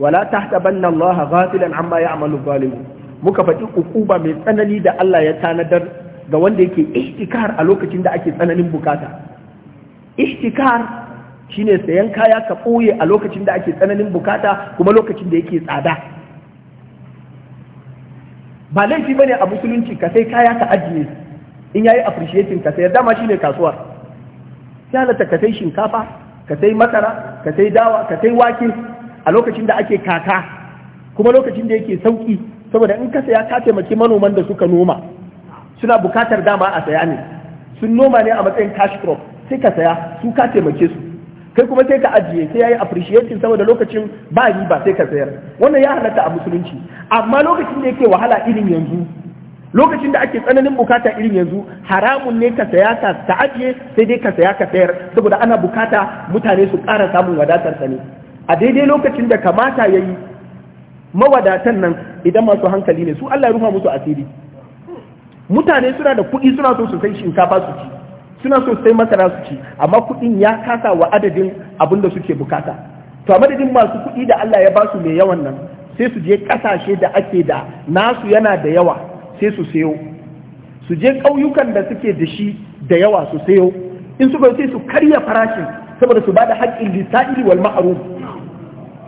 wala tahtabanna Allah ghafilan amma ya'malu zalimun muka faɗi ukuba mai tsanani da Allah ya tanadar ga wanda yake ihtikar a lokacin da ake tsananin bukata ihtikar shine sayan kaya ka ɓoye a lokacin da ake tsananin bukata kuma lokacin da yake tsada ba laifi bane a musulunci ka sai kaya ka ajiye in yayi appreciating ka sai dama shine kasuwar ya ka sai shinkafa ka sai masara ka sai dawa ka sai wake a lokacin da ake kaka kuma lokacin da yake sauki saboda in ka saya ka taimaki manoman da suka noma suna bukatar dama a saya ne sun noma ne a matsayin cash crop sai ka saya su ka taimake su kai kuma sai ka ajiye sai yayi appreciating saboda lokacin ba riba sai ka sayar wannan ya halatta a musulunci amma lokacin da yake wahala irin yanzu lokacin da ake tsananin bukata irin yanzu haramun ne ka saya ka ta ajiye sai dai ka saya ka sayar saboda ana bukata mutane su ƙara samun wadatar sa ne a daidai lokacin da kamata ya yi mawadatan nan idan masu hankali ne su Allah ya rufa musu asiri mutane suna da kuɗi suna so su sai shinkafa su ci suna so su sai masara su ci amma kuɗin ya kasa wa adadin abin da suke bukata to a madadin masu kuɗi da Allah ya ba su mai yawan nan sai su je ƙasashe da ake da nasu yana da yawa sai su sayo su je ƙauyukan da suke da shi da yawa su sayo in suka sai su karya farashin saboda su bada haƙƙin lisa'ili wal ma'ruf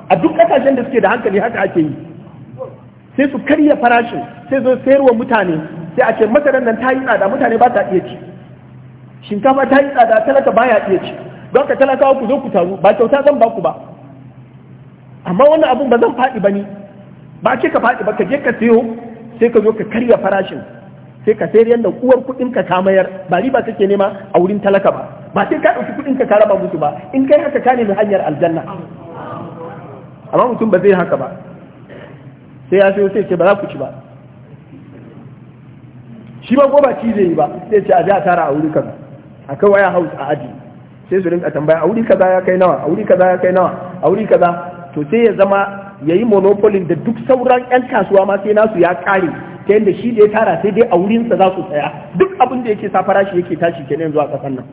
a duk ƙasashen da suke da hankali haka ake yi sai su karya farashin sai zo sayarwa mutane sai a ce masarar nan ta yi tsada mutane ba ta iya ci shinkafa ta yi tsada talaka baya iya ci don ka talaka ku zo ku taru ba kyauta zan ba ku ba amma wannan abun ba zan faɗi ba ni ba ke ka faɗi ba ka je ka sayo sai ka zo ka karya farashin sai ka sayar yadda uwar kuɗin ka ka mayar ba riba kake nema a wurin talaka ba ba sai ka ɗauki kuɗin ka raba musu ba in kai haka ka nemi hanyar aljanna amma mutum ba zai haka ba sai ya sayo sai ce ba za ku ci ba shi ba goba ci zai yi ba sai ce a a tara a wuri kaza a kai waya house a aji sai su rinka tambaya a wuri kaza ya kai nawa a wuri kaza ya kai nawa a wuri kaza to sai ya zama ya yi monopolin da duk sauran 'yan kasuwa ma sai nasu ya kare ta yadda shi da ya tara sai dai a wurinsa za su tsaya duk abin da yake sa farashi yake tashi kenan zuwa kasar nan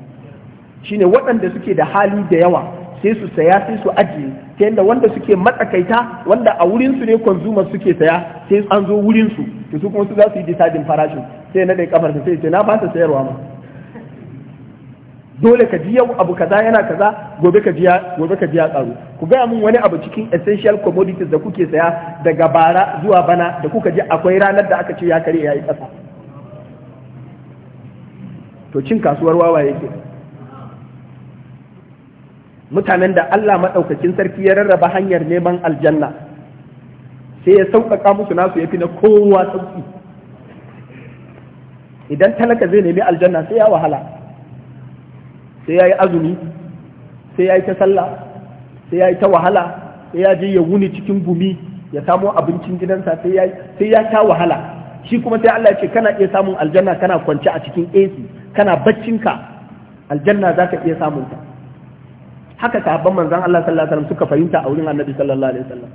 shine waɗanda suke da hali da yawa sai su saya sai su ajiye ta yadda wanda suke matsakaita wanda a wurinsu ne consumer suke saya sai an zo wurinsu to su kuma su za su yi disadin farashin sai na dai kafar sai ce na fasa sayarwa ma dole ka ji yau abu kaza yana kaza gobe ka ji gobe ka jiya tsaro ku gaya min wani abu cikin essential commodities da kuke saya daga bara zuwa bana da kuka ji akwai ranar da aka ce ya kare yayi kasa to cin kasuwar wawa yake mutanen da Allah maɗaukakin sarki ya rarraba hanyar neman aljanna sai ya sauƙaƙa musu nasu ya fi na kowa sauƙi idan talaka zai nemi aljanna sai ya wahala sai ya yi azumi sai ya yi ta sallah sai ya yi ta wahala sai ya je ya wuni cikin gumi ya samo abincin gidansa sai ya ta wahala shi kuma sai Allah ya ce kana iya samun aljanna kana kwance a cikin AC kana baccinka aljanna za ka iya samun ta haka sahabban manzon Allah sallallahu alaihi wasallam suka fahimta a wurin Annabi sallallahu alaihi wasallam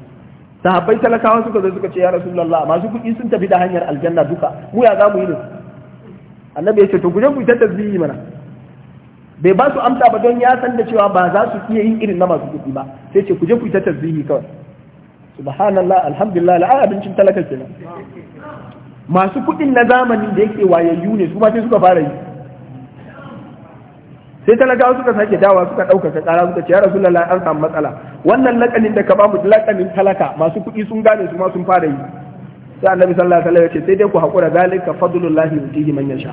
sahabbai talakawa suka zo suka ce ya rasulullah masu kuɗi sun tafi da hanyar aljanna duka mu ya za mu yi ne annabi ya ce to guje mu ta tasbihi mana bai ba su amsa ba don ya san da cewa ba za su iya yin irin na masu kuɗi ba sai ce ku je ku ta tasbihi kawai subhanallah alhamdulillah la abincin talaka kenan masu kuɗin na zamanin da yake wayayyu ne su ma sai suka fara yi sai talakawa suka sake dawa suka ɗaukaka ƙara suka ce ya rasulallah an samu matsala wannan lakanin da ka bamu lakanin talaka masu kuɗi sun gane su ma sun fara yi sai annabi sallallahu alaihi wasallam ya ce sai dai ku haƙura zalika fadlullahi yutihi man yasha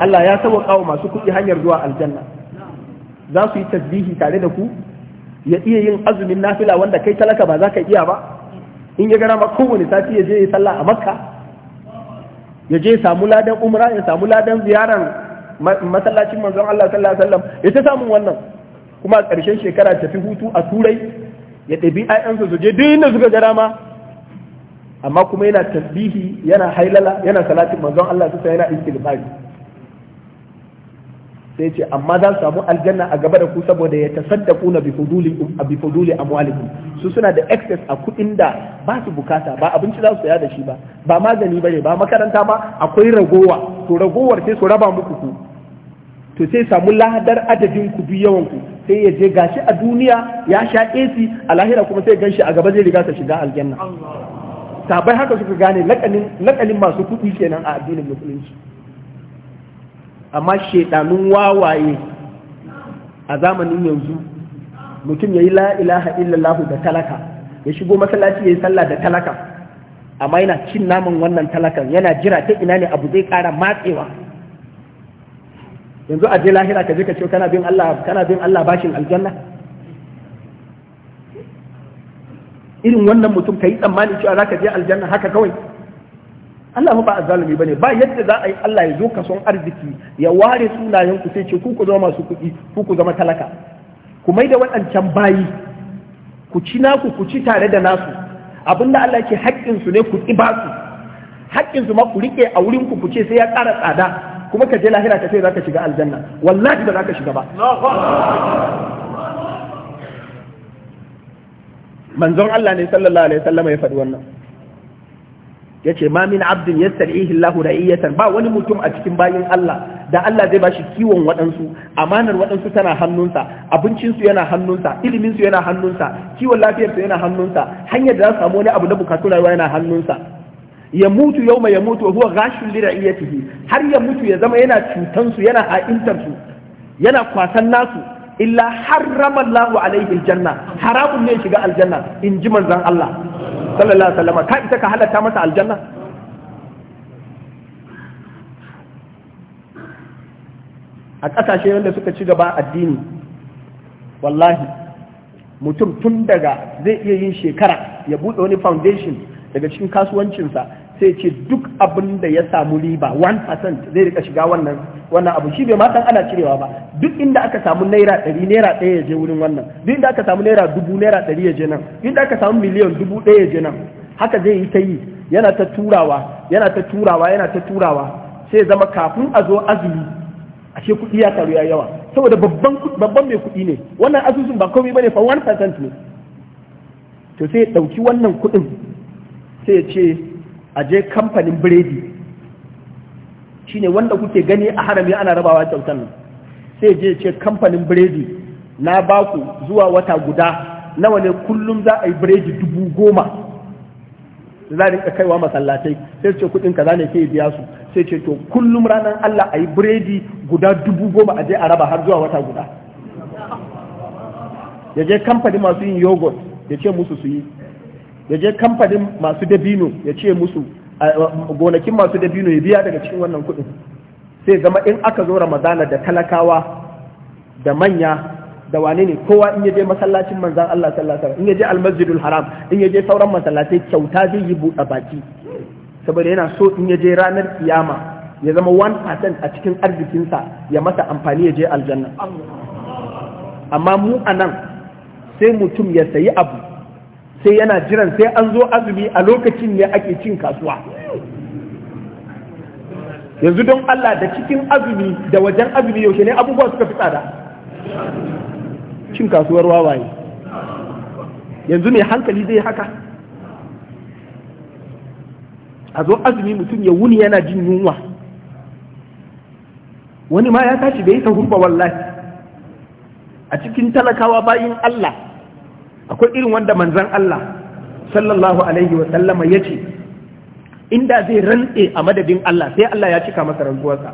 Allah ya sauƙa wa masu kuɗi hanyar zuwa aljanna za su yi tasbihi tare da ku ya iya yin azumin nafila wanda kai talaka ba za ka iya ba in ya gana ma kowane sati ya je ya sallah a makka ya je samu ladan umra ya samu ladan ziyarar masallacin manzon Allah sallallahu alaihi wasallam ya ta samun wannan kuma a ƙarshen shekara tafi hutu a turai ya ɗabi sa su je duk inda suka gara ma amma kuma yana tasbihi yana hailala yana salatin manzon Allah sallallahu alaihi wasallam yana istighfari sai ce amma za su samu aljanna a gaba da ku saboda ya tasaddaku na bi a amwalikum su suna da excess a kuɗin da ba su bukata ba abinci za su da shi ba ba magani ne ba makaranta ba akwai ragowa to ragowar sai su raba muku ku to sai samu lahadar adadin ku duk yawan ku sai ya je gashi a duniya ya sha AC a lahira kuma sai ganshi a gaba zai riga ta shiga aljanna sabai haka suka gane lakalin masu kuɗi kenan a addinin musulunci amma shaidanun wawaye a zamanin yanzu mutum ya yi la'ilaha illallahu da talaka ya shigo masallaci ya yi sallah da talaka amma yana cin naman wannan talakan yana jira ta ina ne abu zai kara matsewa yanzu a je lahira ka je ka ce kana bin Allah kana bin Allah bashin aljanna irin wannan mutum ka yi tsammani cewa za ka je aljanna haka kawai Allah ba a bane ba yadda za a yi Allah ya zo kason arziki ya ware sunayen ku sai ce ku ku zama masu kuɗi ku ku zama talaka ku mai da waɗancan bayi ku ci naku ku ci tare da nasu abinda Allah ke haƙƙin su ne ku ƙi ba su haƙƙin su ma ku rike a wurin ku ku ce sai ya ƙara tsada kuma ka je lahira ka sai za ka shiga aljanna wallahi ba za ka shiga ba manzon Allah ne sallallahu alaihi wasallam ya faɗi wannan Ya ce ma min abdin yastarihi Allahu ra'iyatan ba wani mutum a cikin bayin Allah da Allah zai bashi kiwon waɗansu amanar waɗansu tana hannunsa abincinsu yana hannunsa iliminsu yana hannunsa kiwon lafiyarsu yana hannunsa hanyar da za su samu wani abu na bukatu rayuwa yana hannunsa ya mutu yauma ya mutu huwa gashin li ra'iyatihi har ya mutu ya zama yana cutar su yana ha'intar su yana kwasan nasu illa harrama Allahu alaihi janna, haramun ne shiga aljanna in ji manzon Allah sallallahu alaihi wasallam ka ita ka halatta masa aljanna a ƙasashe wanda suka ci gaba addini wallahi mutum tun daga zai iya yin shekara ya buɗe wani foundation daga cikin kasuwancinsa sai ce duk abin da ya samu riba 1% zai rika shiga wannan wannan abu shi bai ma ana cirewa ba duk inda aka samu naira 100 naira ɗaya ya je wurin wannan duk inda aka samu naira dubu naira 100 ya je nan duk inda aka samu miliyan dubu ɗaya ya je nan haka zai yi ta yi yana ta turawa yana ta turawa yana ta turawa sai zama kafin a zo azumi a ce kuɗi ya taru ya yawa saboda babban babban mai kuɗi ne wannan asusun ba komai bane fa 1% ne to sai ya ɗauki wannan kuɗin sai ya ce a je kamfanin biredi shine wanda kuke gani a harami ana rabawa kyautan nan sai je ce kamfanin biredi na baku zuwa wata guda nawa ne kullum za a yi biredi dubu goma za a kaiwa masallatai sai ce kudin kaza ne ke biya su sai ce to kullum ranar Allah a yi biredi guda dubu goma a je a raba har zuwa wata guda ya je kamfanin masu yin yogurt ya ce musu su yi ya je kamfanin masu dabino ya ce musu gonakin masu dabino ya biya daga cikin wannan kuɗin sai zama in aka zo ramadana da talakawa da manya da wane ne kowa in ya je masallacin manzan Allah sallallahu alaihi in ya je almasjidul haram in ya je sauran masallatai kyauta zai yi buɗe baki saboda yana so in ya je ranar kiyama ya zama 1% a cikin arzikinsa ya masa amfani ya je aljanna amma mu anan sai mutum ya sayi abu sai yana jiran sai an zo azumi a lokacin ne ake cin kasuwa yanzu don Allah da cikin azumi da wajen azumi yaushe ne abubuwa suka fi tsada cin kasuwar wawaye yanzu mai hankali zai haka a zo azumi mutum ya wuni yana jin yunwa wani ma ya tashi da ita hurba wallahi a cikin talakawa bayin Allah akwai irin wanda manzan Allah sallallahu alaihi wa sallama ya ce inda zai rantse a madadin Allah sai Allah ya cika masa rantsuwarsa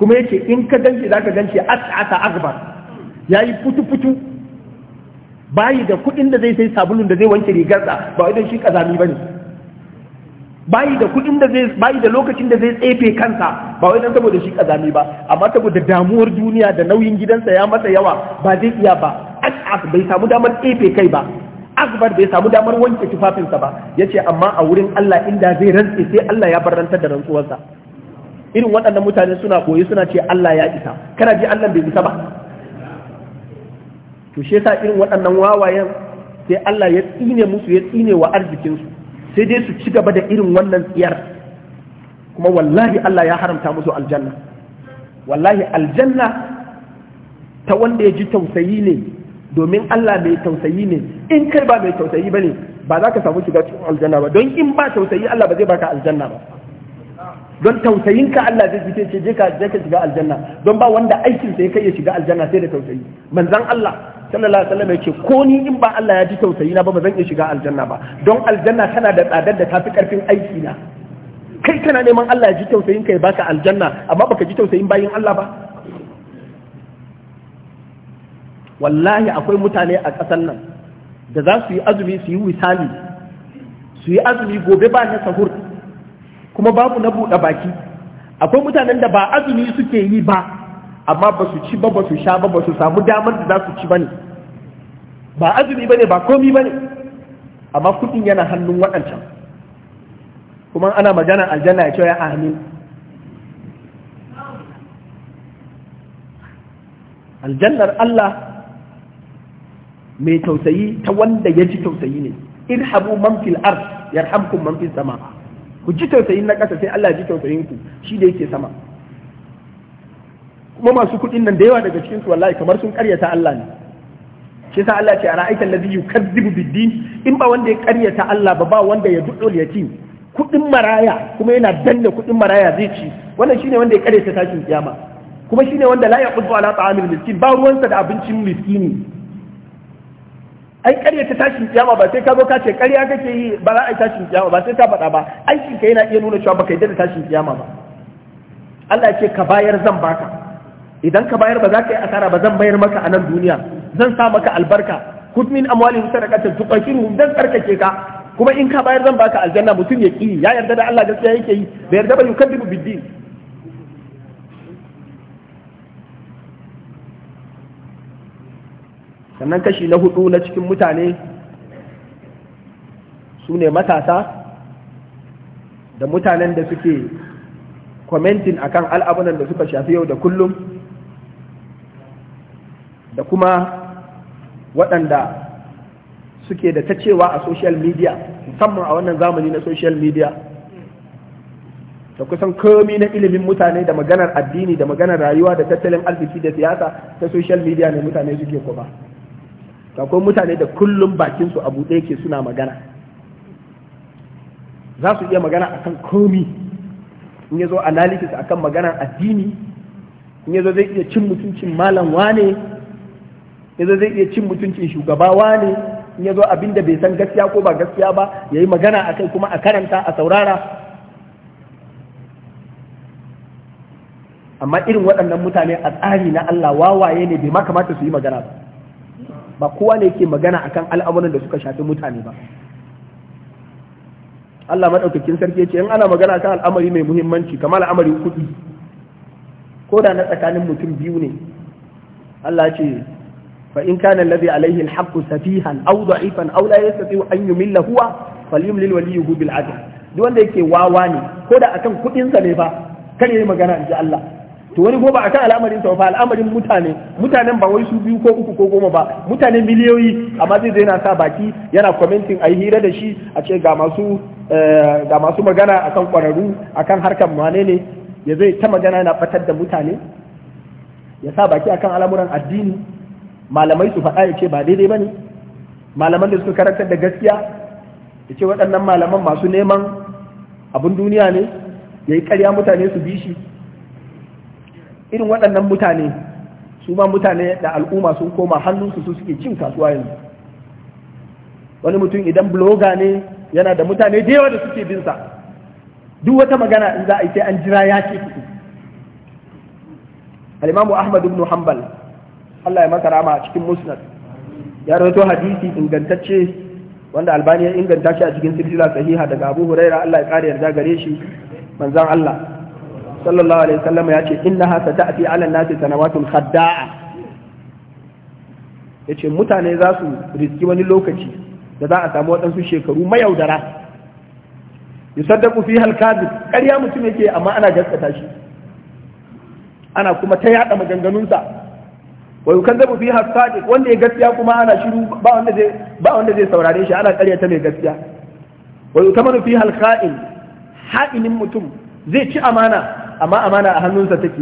kuma ya ce in ka ganci za ka ganci as'ata akbar ya yi futu-futu bayi da kuɗin da zai sai sabulun da zai wanke rigarsa ba idan shi kazami ba ne bayi da kudin da zai bayi da lokacin da zai tsefe kansa ba idan saboda shi kazami ba amma saboda damuwar duniya da nauyin gidansa ya masa yawa ba zai iya ba as bai samu damar afe kai ba akbar bai samu damar wanke tufafinsa ba yace amma a wurin Allah inda zai rantse sai Allah ya barantar da rantsuwarsa irin waɗannan mutane suna koyi suna ce Allah ya isa kana ji Allah bai isa ba to shi yasa irin waɗannan wawayen sai Allah ya tsine musu ya tsine wa arzikin su sai dai su ci gaba da irin wannan tsiyar kuma wallahi Allah ya haramta musu aljanna wallahi aljanna ta wanda ya ji tausayi ne domin Allah mai tausayi ne in kai ba mai tausayi bane ba za ka samu shiga cikin aljanna ba don in ba tausayi Allah ba zai baka aljanna ba don tausayin ka Allah zai fice ce je ka je ka shiga aljanna don ba wanda aikin sa ya kai ya shiga aljanna sai da tausayi manzon Allah sallallahu alaihi wasallam yake ko ni in ba Allah ya ji tausayi na ba ba zan iya shiga aljanna ba don aljanna tana da tsadar da tafi karfin aiki na kai kana neman Allah ya ji tausayin ka ya baka aljanna amma baka ji tausayin bayin Allah ba wallahi akwai mutane a ƙasar nan da za su yi azumi su yi wisali su yi azumi gobe ba na sahur kuma babu na buɗe baki akwai mutanen da ba azumi suke yi ba amma ba su ci ba ba su sha ba ba su samu damar da za su ci ba ne ba azumi ba ne ba komi ba ne amma kudin yana hannun waɗancan kuma ana magana aljanna ya ce amin aljannar Allah mai tausayi ta wanda ya ji tausayi ne irhabu man fil ard yarhamkum man fil sama ku ji tausayin na kasa sai Allah ji tausayin ku shi da yake sama kuma masu kuɗin nan da yawa daga cikin su wallahi kamar sun ƙaryata Allah ne shi yasa Allah ce a ra'aita allazi yukadzibu biddin in ba wanda ya ƙaryata Allah ba ba wanda ya dudul yatim kuɗin maraya kuma yana danna kuɗin maraya zai ci wannan shine wanda ya ƙaryata tashin kiyama kuma shine wanda la yaqudu ala ta'amil miskin ba ruwansa da abincin miskini ai ƙarya ta tashin kiyama ba sai ka zo ka ce ƙarya kake yi ba za a yi tashin kiyama ba sai ka faɗa ba aikin ka yana iya nuna cewa baka yi da tashin kiyama ba Allah ce ka bayar zan baka idan ka bayar ba za ka yi asara ba zan bayar maka a nan duniya zan sa maka albarka amwali min amwalihim sadaqatan tuqakiruhum dan tsarkake ka kuma in ka bayar zan baka aljanna mutum ya ki ya yarda da Allah gaskiya yake yi da yarda ba yukadibu biddin sannan kashi na hudu na cikin mutane su ne matasa da mutanen da suke kwamentin akan al'abunan da suka shafi yau da kullum da kuma waɗanda suke da ta cewa a social media musamman a wannan zamani na social media da kusan komi na ilimin mutane da maganar addini da maganar rayuwa da tattalin arziki da siyasa ta social media ne mutane suke kuma. akwai mutane da kullum su a buɗe ke suna magana za su iya magana akan komi in ya zo analysis akan maganar addini in ya zo zai iya cin mutuncin malam wane ya zo zai iya cin mutuncin shugaba wane in ya zo bai san gaskiya ko ba gaskiya ba ya yi magana a kai kuma a karanta a saurara amma irin waɗannan mutane a tsari na Allah wawaye ne bai ma kamata su yi magana ba ba kowa ne ke magana akan al'amuran da suka shafi mutane ba Allah maɗaukakin sarki ce, in ana magana akan al'amari mai muhimmanci kamar al'amari kuɗi ko da na tsakanin mutum biyu ne Allah ce fa in kana alladhi alayhi al-haqq safihan aw da'ifan aw la yastati an yumilla huwa falyumlil waliyuhu bil adl duk wanda yake wawa ne ko da akan kuɗinsa ne ba kar yayi magana inji Allah to wani ko ba a kan al'amarin ta al'amarin mutane mutanen ba wai su biyu ko uku ko goma ba mutane miliyoyi amma zai zai na sa baki yana commenting ayi hira da shi a ce ga masu eh, ga masu magana akan kwararru akan harkar mane ne ya zai ta magana yana fatar da mutane ya sa baki akan al'amuran addini malamai su faɗa ya ce ba daidai ba ne? malaman da suka karantar da gaskiya ya ce waɗannan malaman masu neman abun duniya ne ya yi ƙarya mutane su bi shi irin waɗannan mutane su ma mutane da al'umma sun koma hannunsu su suke cin kasuwa yanzu wani mutum idan bloga ne yana da mutane da yawa da suke binsa duk wata magana in za a yi sai an jira ya ce fito al ahmad ibn hanbal Allah ya masa rama a cikin musnad ya rawaito hadisi ingantacce wanda albani ya inganta shi a cikin silsila sahiha daga abu huraira Allah ya kare yarda gare shi manzon Allah sallallahu alaihi wasallam ya ce innaha sata'ti 'ala an-nasi sanawatun khadda'a yace mutane za su riski wani lokaci da za a samu waɗansu shekaru mayaudara yusaddaqu fiha al-kadhib ƙarya mutum yake amma ana gaskata shi ana kuma ta yada maganganunsa wa yukazzabu fiha as-sadiq wanda ya gaskiya kuma ana shiru ba wanda zai ba wanda zai saurare shi ana ta mai gaskiya wa yutamanu fiha al-kha'in ha'inin mutum zai ci amana amma amana a hannunsa take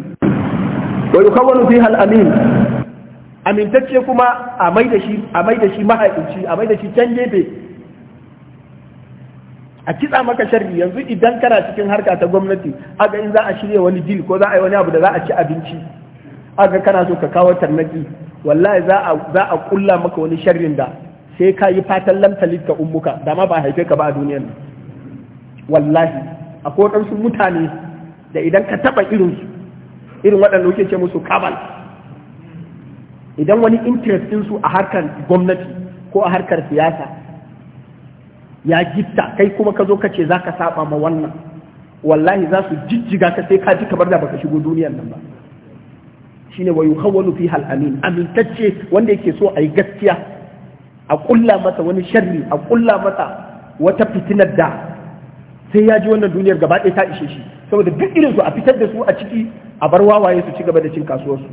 wa yukawwanu fiha al-amin amintacce kuma a mai da shi a mai da shi mahaifinci a mai da shi can gefe a kitsa maka sharri yanzu idan kana cikin harka ta gwamnati aga in za a shirya wani deal ko za a yi wani abu da za a ci abinci aga kana so ka kawo tarnaki wallahi za a za a kulla maka wani sharrin da sai ka yi fatan lamtalit ka ummuka dama ba haife ka ba a duniyar nan wallahi akwai waɗansu mutane da idan ka taɓa irinsu irin waɗanda wuce ce musu kabal idan wani interest su a harkar gwamnati ko a harkar siyasa ya gitta kai kuma ka zo ka ce za ka saba ma wannan wallahi za su jijjiga ka sai ka ji kamar da baka shigo duniyar nan ba ne wa yukhawwalu fi hal amin amintacce wanda yake so a yi gaskiya a kulla masa wani sharri a kulla masa wata fitinar da sai ya ji wannan duniyar gaba ɗaya ta ishe shi saboda duk irin su a fitar da su a ciki a bar wawaye su ci gaba da cin kasuwar su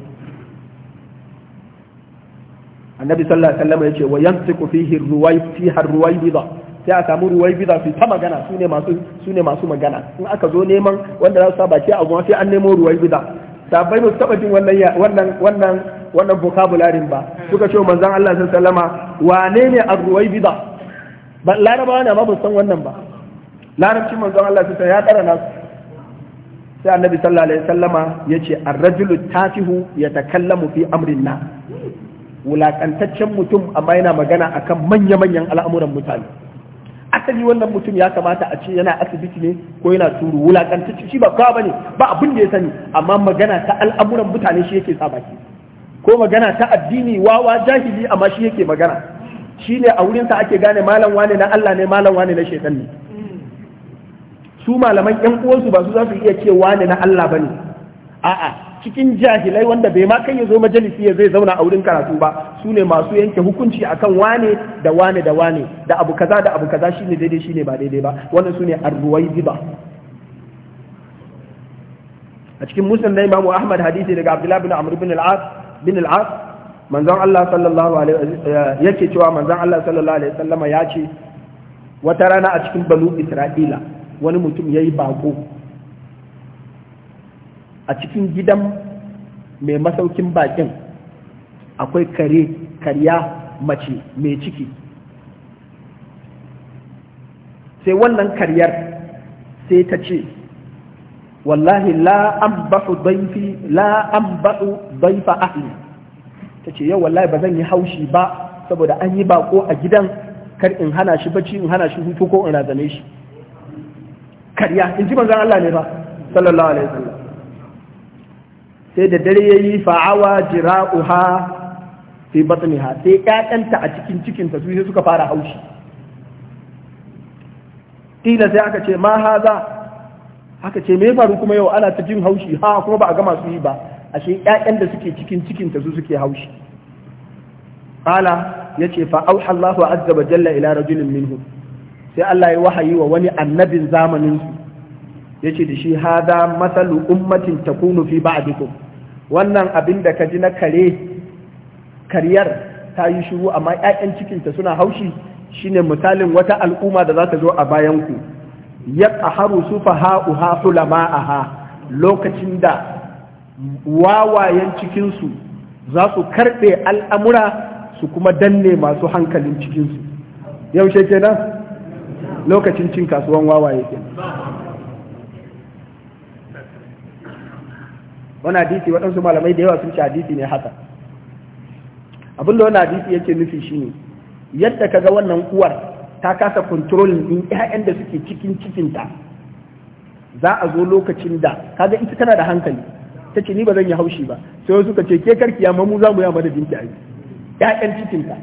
annabi sallallahu alaihi wasallam yace wa yantiqu fihi ruwai fiha ruwai bida sai a samu ruwai bida su ta magana su ne masu su ne masu magana in aka zo neman wanda za su sa baki a goma sai an nemo ruwai bida sabai ba su taba jin wannan wannan wannan wannan vocabularin ba suka ce manzon Allah sallallahu alaihi wasallama wane ne ar-ruwai bida ba larabawa ne amma ba san wannan ba larabcin manzon Allah sallallahu alaihi wasallam ya tsara nasu sai annabi sallallahu alaihi wasallama yace ar-rajulu tafihu yatakallamu fi amrin na wulakantaccen mutum amma yana magana akan manya-manyan al'amuran mutane asali wannan mutum ya kamata a ce yana asibiti ne ko yana turu Wulakantaccen shi ba kawa bane ba abin da ya sani amma magana ta al'amuran mutane shi yake sa baki ko magana ta addini wawa jahili amma shi yake magana shine a wurin sa ake gane malam wane na Allah ne malam wane na shaitan ne su malaman yan uwansu ba su za su iya cewa ne na Allah bane a'a cikin jahilai wanda bai ma kai ya zo majalisi ya zai zauna a wurin karatu ba su ne masu yanke hukunci akan wane da wane da wane da abu kaza da abu kaza shine daidai shine ba daidai ba wannan su ne ba. a cikin musulun na imamu ahmad hadisi daga abdullahi bin amr bin al-as bin al-as manzon Allah sallallahu alaihi yake cewa manzon Allah sallallahu alaihi wasallama ya ce wata rana a cikin banu isra'ila wani mutum ya yi bako a cikin gidan mai masaukin bakin akwai kare karya mace mai ciki sai wannan karyar sai ta ce wallahi la an ba'u daifa ahli ta ce yau wallahi ba zan yi haushi ba saboda an yi bako a gidan kar in hana shi bacci in hana shi hutu ko in razane shi karya in ji manzan Allah ne ba sallallahu alaihi wasallam sai da dare yayi fa'awa jira'uha fi batniha sai ƴaƴanta a cikin cikinta su sai suka fara haushi kila sai aka ce ma haza aka ce me faru kuma yau ana ta jin haushi ha kuma ba a gama su yi ba ashe ƴaƴan da suke cikin cikinta su suke haushi qala yace fa auha Allahu azza wa jalla ila rajulin minhum sai Allah ya wahayi wa wani annabin zamanin su yace da shi hada masalu ummatin takunu fi ba'dikum wannan abin da ka ji na kare kariyar ta yi shiru amma ƴaƴan cikinta suna haushi shine misalin wata al'umma da za ta zo a bayan ku yaqharu sufaha'uha aha lokacin da wawayen cikinsu za su karɓe al'amura su kuma danne masu hankalin cikinsu yaushe kenan lokacin cin kasuwan wawaye ke wani hadisi waɗansu malamai da yawa sun ce hadisi ne haka abin da wani hadisi yake nufi shine yadda ka ga wannan uwar ta kasa kontrolin ɗin ƴaƴan da suke cikin cikinta za a zo lokacin da kaga ita tana da hankali ta ce ni ba zan yi haushi ba sai wasu ka ce ke karki ya mu za mu yi amma dinki a yi. ƴaƴan cikinta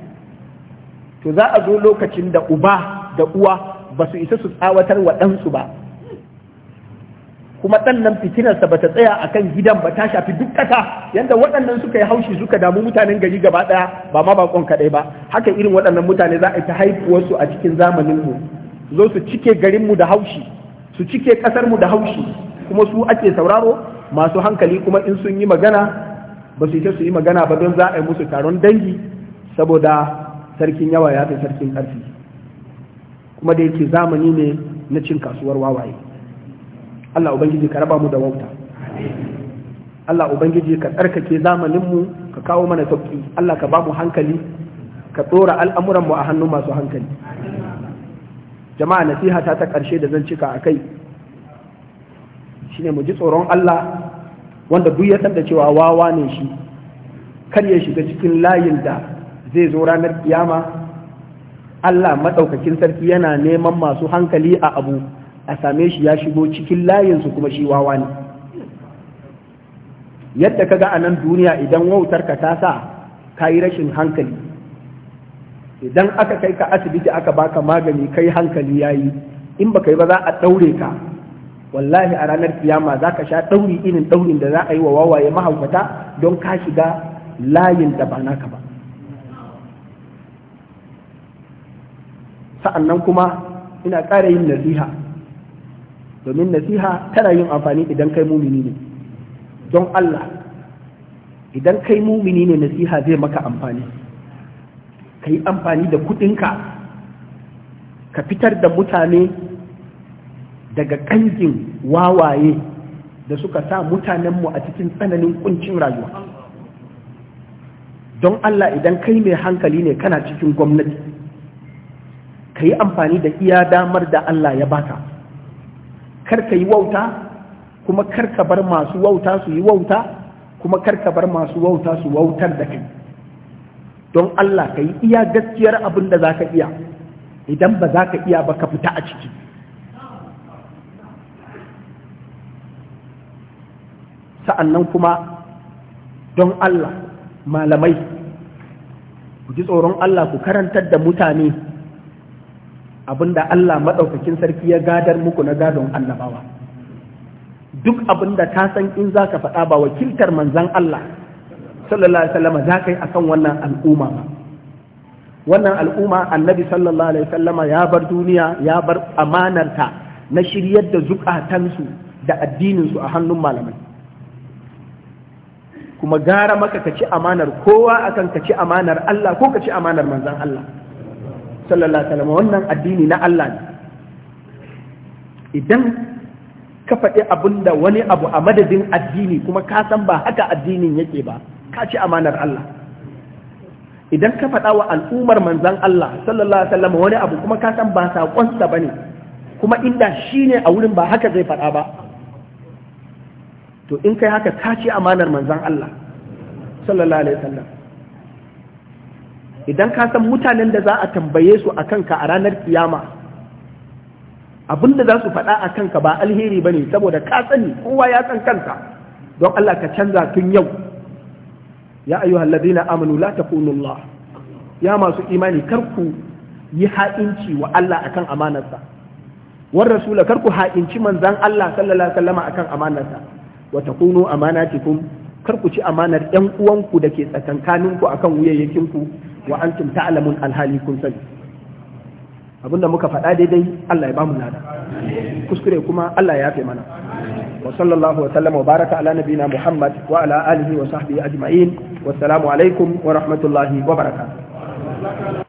to za a zo lokacin da uba da uwa ba su isa su tsawatar wa ɗansu ba kuma ɗan nan fitinarsa ba ta tsaya a kan gidan ba ta shafi duk ƙasa yadda waɗannan suka yi haushi suka damu mutanen gari gaba ɗaya ba ma baƙon kaɗai ba haka irin waɗannan mutane za a ta haifuwarsu a cikin zamaninmu zo su cike garinmu da haushi su cike ƙasarmu da haushi kuma su ake sauraro masu hankali kuma in sun yi magana ba su isa su yi magana ba don za a yi musu taron dangi saboda sarkin yawa ya fi sarkin ƙarfi kuma da yake zamani ne na cin kasuwar wawaye Allah ubangiji ka raba mu da wauta Allah ubangiji ka tsarkake zamaninmu ka kawo mana sauƙi. Allah ka ba mu hankali ka tsora al'amuranmu a hannun masu hankali jama'a nasiha ta ta ƙarshe da zan cika a kai shine mu ji tsoron Allah wanda duk ya san da cewa wawa ne shi kar ya shiga cikin layin da zai zo ranar kiyama Allah maɗaukakin sarki yana neman masu hankali a abu a same shi ya shigo cikin layinsu kuma shi wawa ne yadda ka a nan duniya idan wautar ka ta sa ka yi rashin hankali idan aka kai ka asibiti aka baka magani kai hankali ya yi in ba kai ba za a ɗaure ka wallahi a ranar kiyama za ka sha ɗauri irin ɗaurin da za a yi wa wawaye mahaukata don ka shiga layin da ba naka ba sa'annan kuma ina ƙara yin nasiha domin nasiha tana yin amfani idan kai mumini ne don Allah idan kai mumini ne nasiha zai maka amfani ka yi amfani da kudinka ka fitar da mutane daga kangin wawaye da suka sa mutanenmu a cikin tsananin kuncin rayuwa don Allah idan kai mai hankali ne kana cikin gwamnati ka yi amfani da iya damar da Allah ya baka kar ka yi wauta kuma kar ka bar masu wauta su yi wauta kuma kar ka bar masu wauta su wautar da kai don Allah ka yi iya gaskiyar abin da za ka iya idan ba za ka iya ba ka fita a ciki sa'annan kuma don Allah malamai ku ji tsoron Allah ku karantar da mutane da Allah maɗaukakin sarki ya gadar muku na gadon annabawa duk da ka san in za ka faɗa ba wakiltar manzan Allah sallallahu alaihi wasallam za ka yi akan wannan al'umma ba wannan al'umma annabi sallallahu alaihi wasallama ya bar duniya ya bar amanarta na shiryar da zukatansu da addininsu a hannun malamai kuma gara maka ka ci amanar kowa akan ka ci amanar Allah ko ka ci amanar manzan Allah sallallahu alaihi wasallam wannan addini na Allah ne idan ka faɗi abin da wani abu a madadin addini kuma ka san ba haka addinin yake ba ka ci amanar Allah idan ka faɗa wa al'ummar manzan Allah sallallahu alaihi wasallam wani abu kuma ka san ba saƙonsa ba ne kuma inda shi ne a wurin ba haka zai faɗa ba to in kai haka ka ci amanar manzan Allah sallallahu alaihi wasallam idan ka san mutanen da za a tambaye su a kanka a ranar kiyama abin da za su faɗa a kanka ba alheri ba ne saboda ka sani kowa ya san kanka don Allah ka canza tun yau ya ayu halladina amanu la takunu Allah ya masu imani karku yi ha'inci wa Allah a kan amanarsa war rasula karku ku ha'inci manzan Allah sallallahu alaihi akan amanarsa wa takunu amanatikum kar ci amanar ƴan uwanku da ke tsakankaninku akan wuyayyakinku wa antum ta'lamun alhali kun sani abinda muka faɗa daidai Allah ya bamu nada, kuskure kuma Allah ya yafe mana wa sallallahu wa sallama wa baraka ala nabina Muhammad wa ala alihi wa sahbihi ajma'in salamu alaikum wa rahmatullahi wa baraka.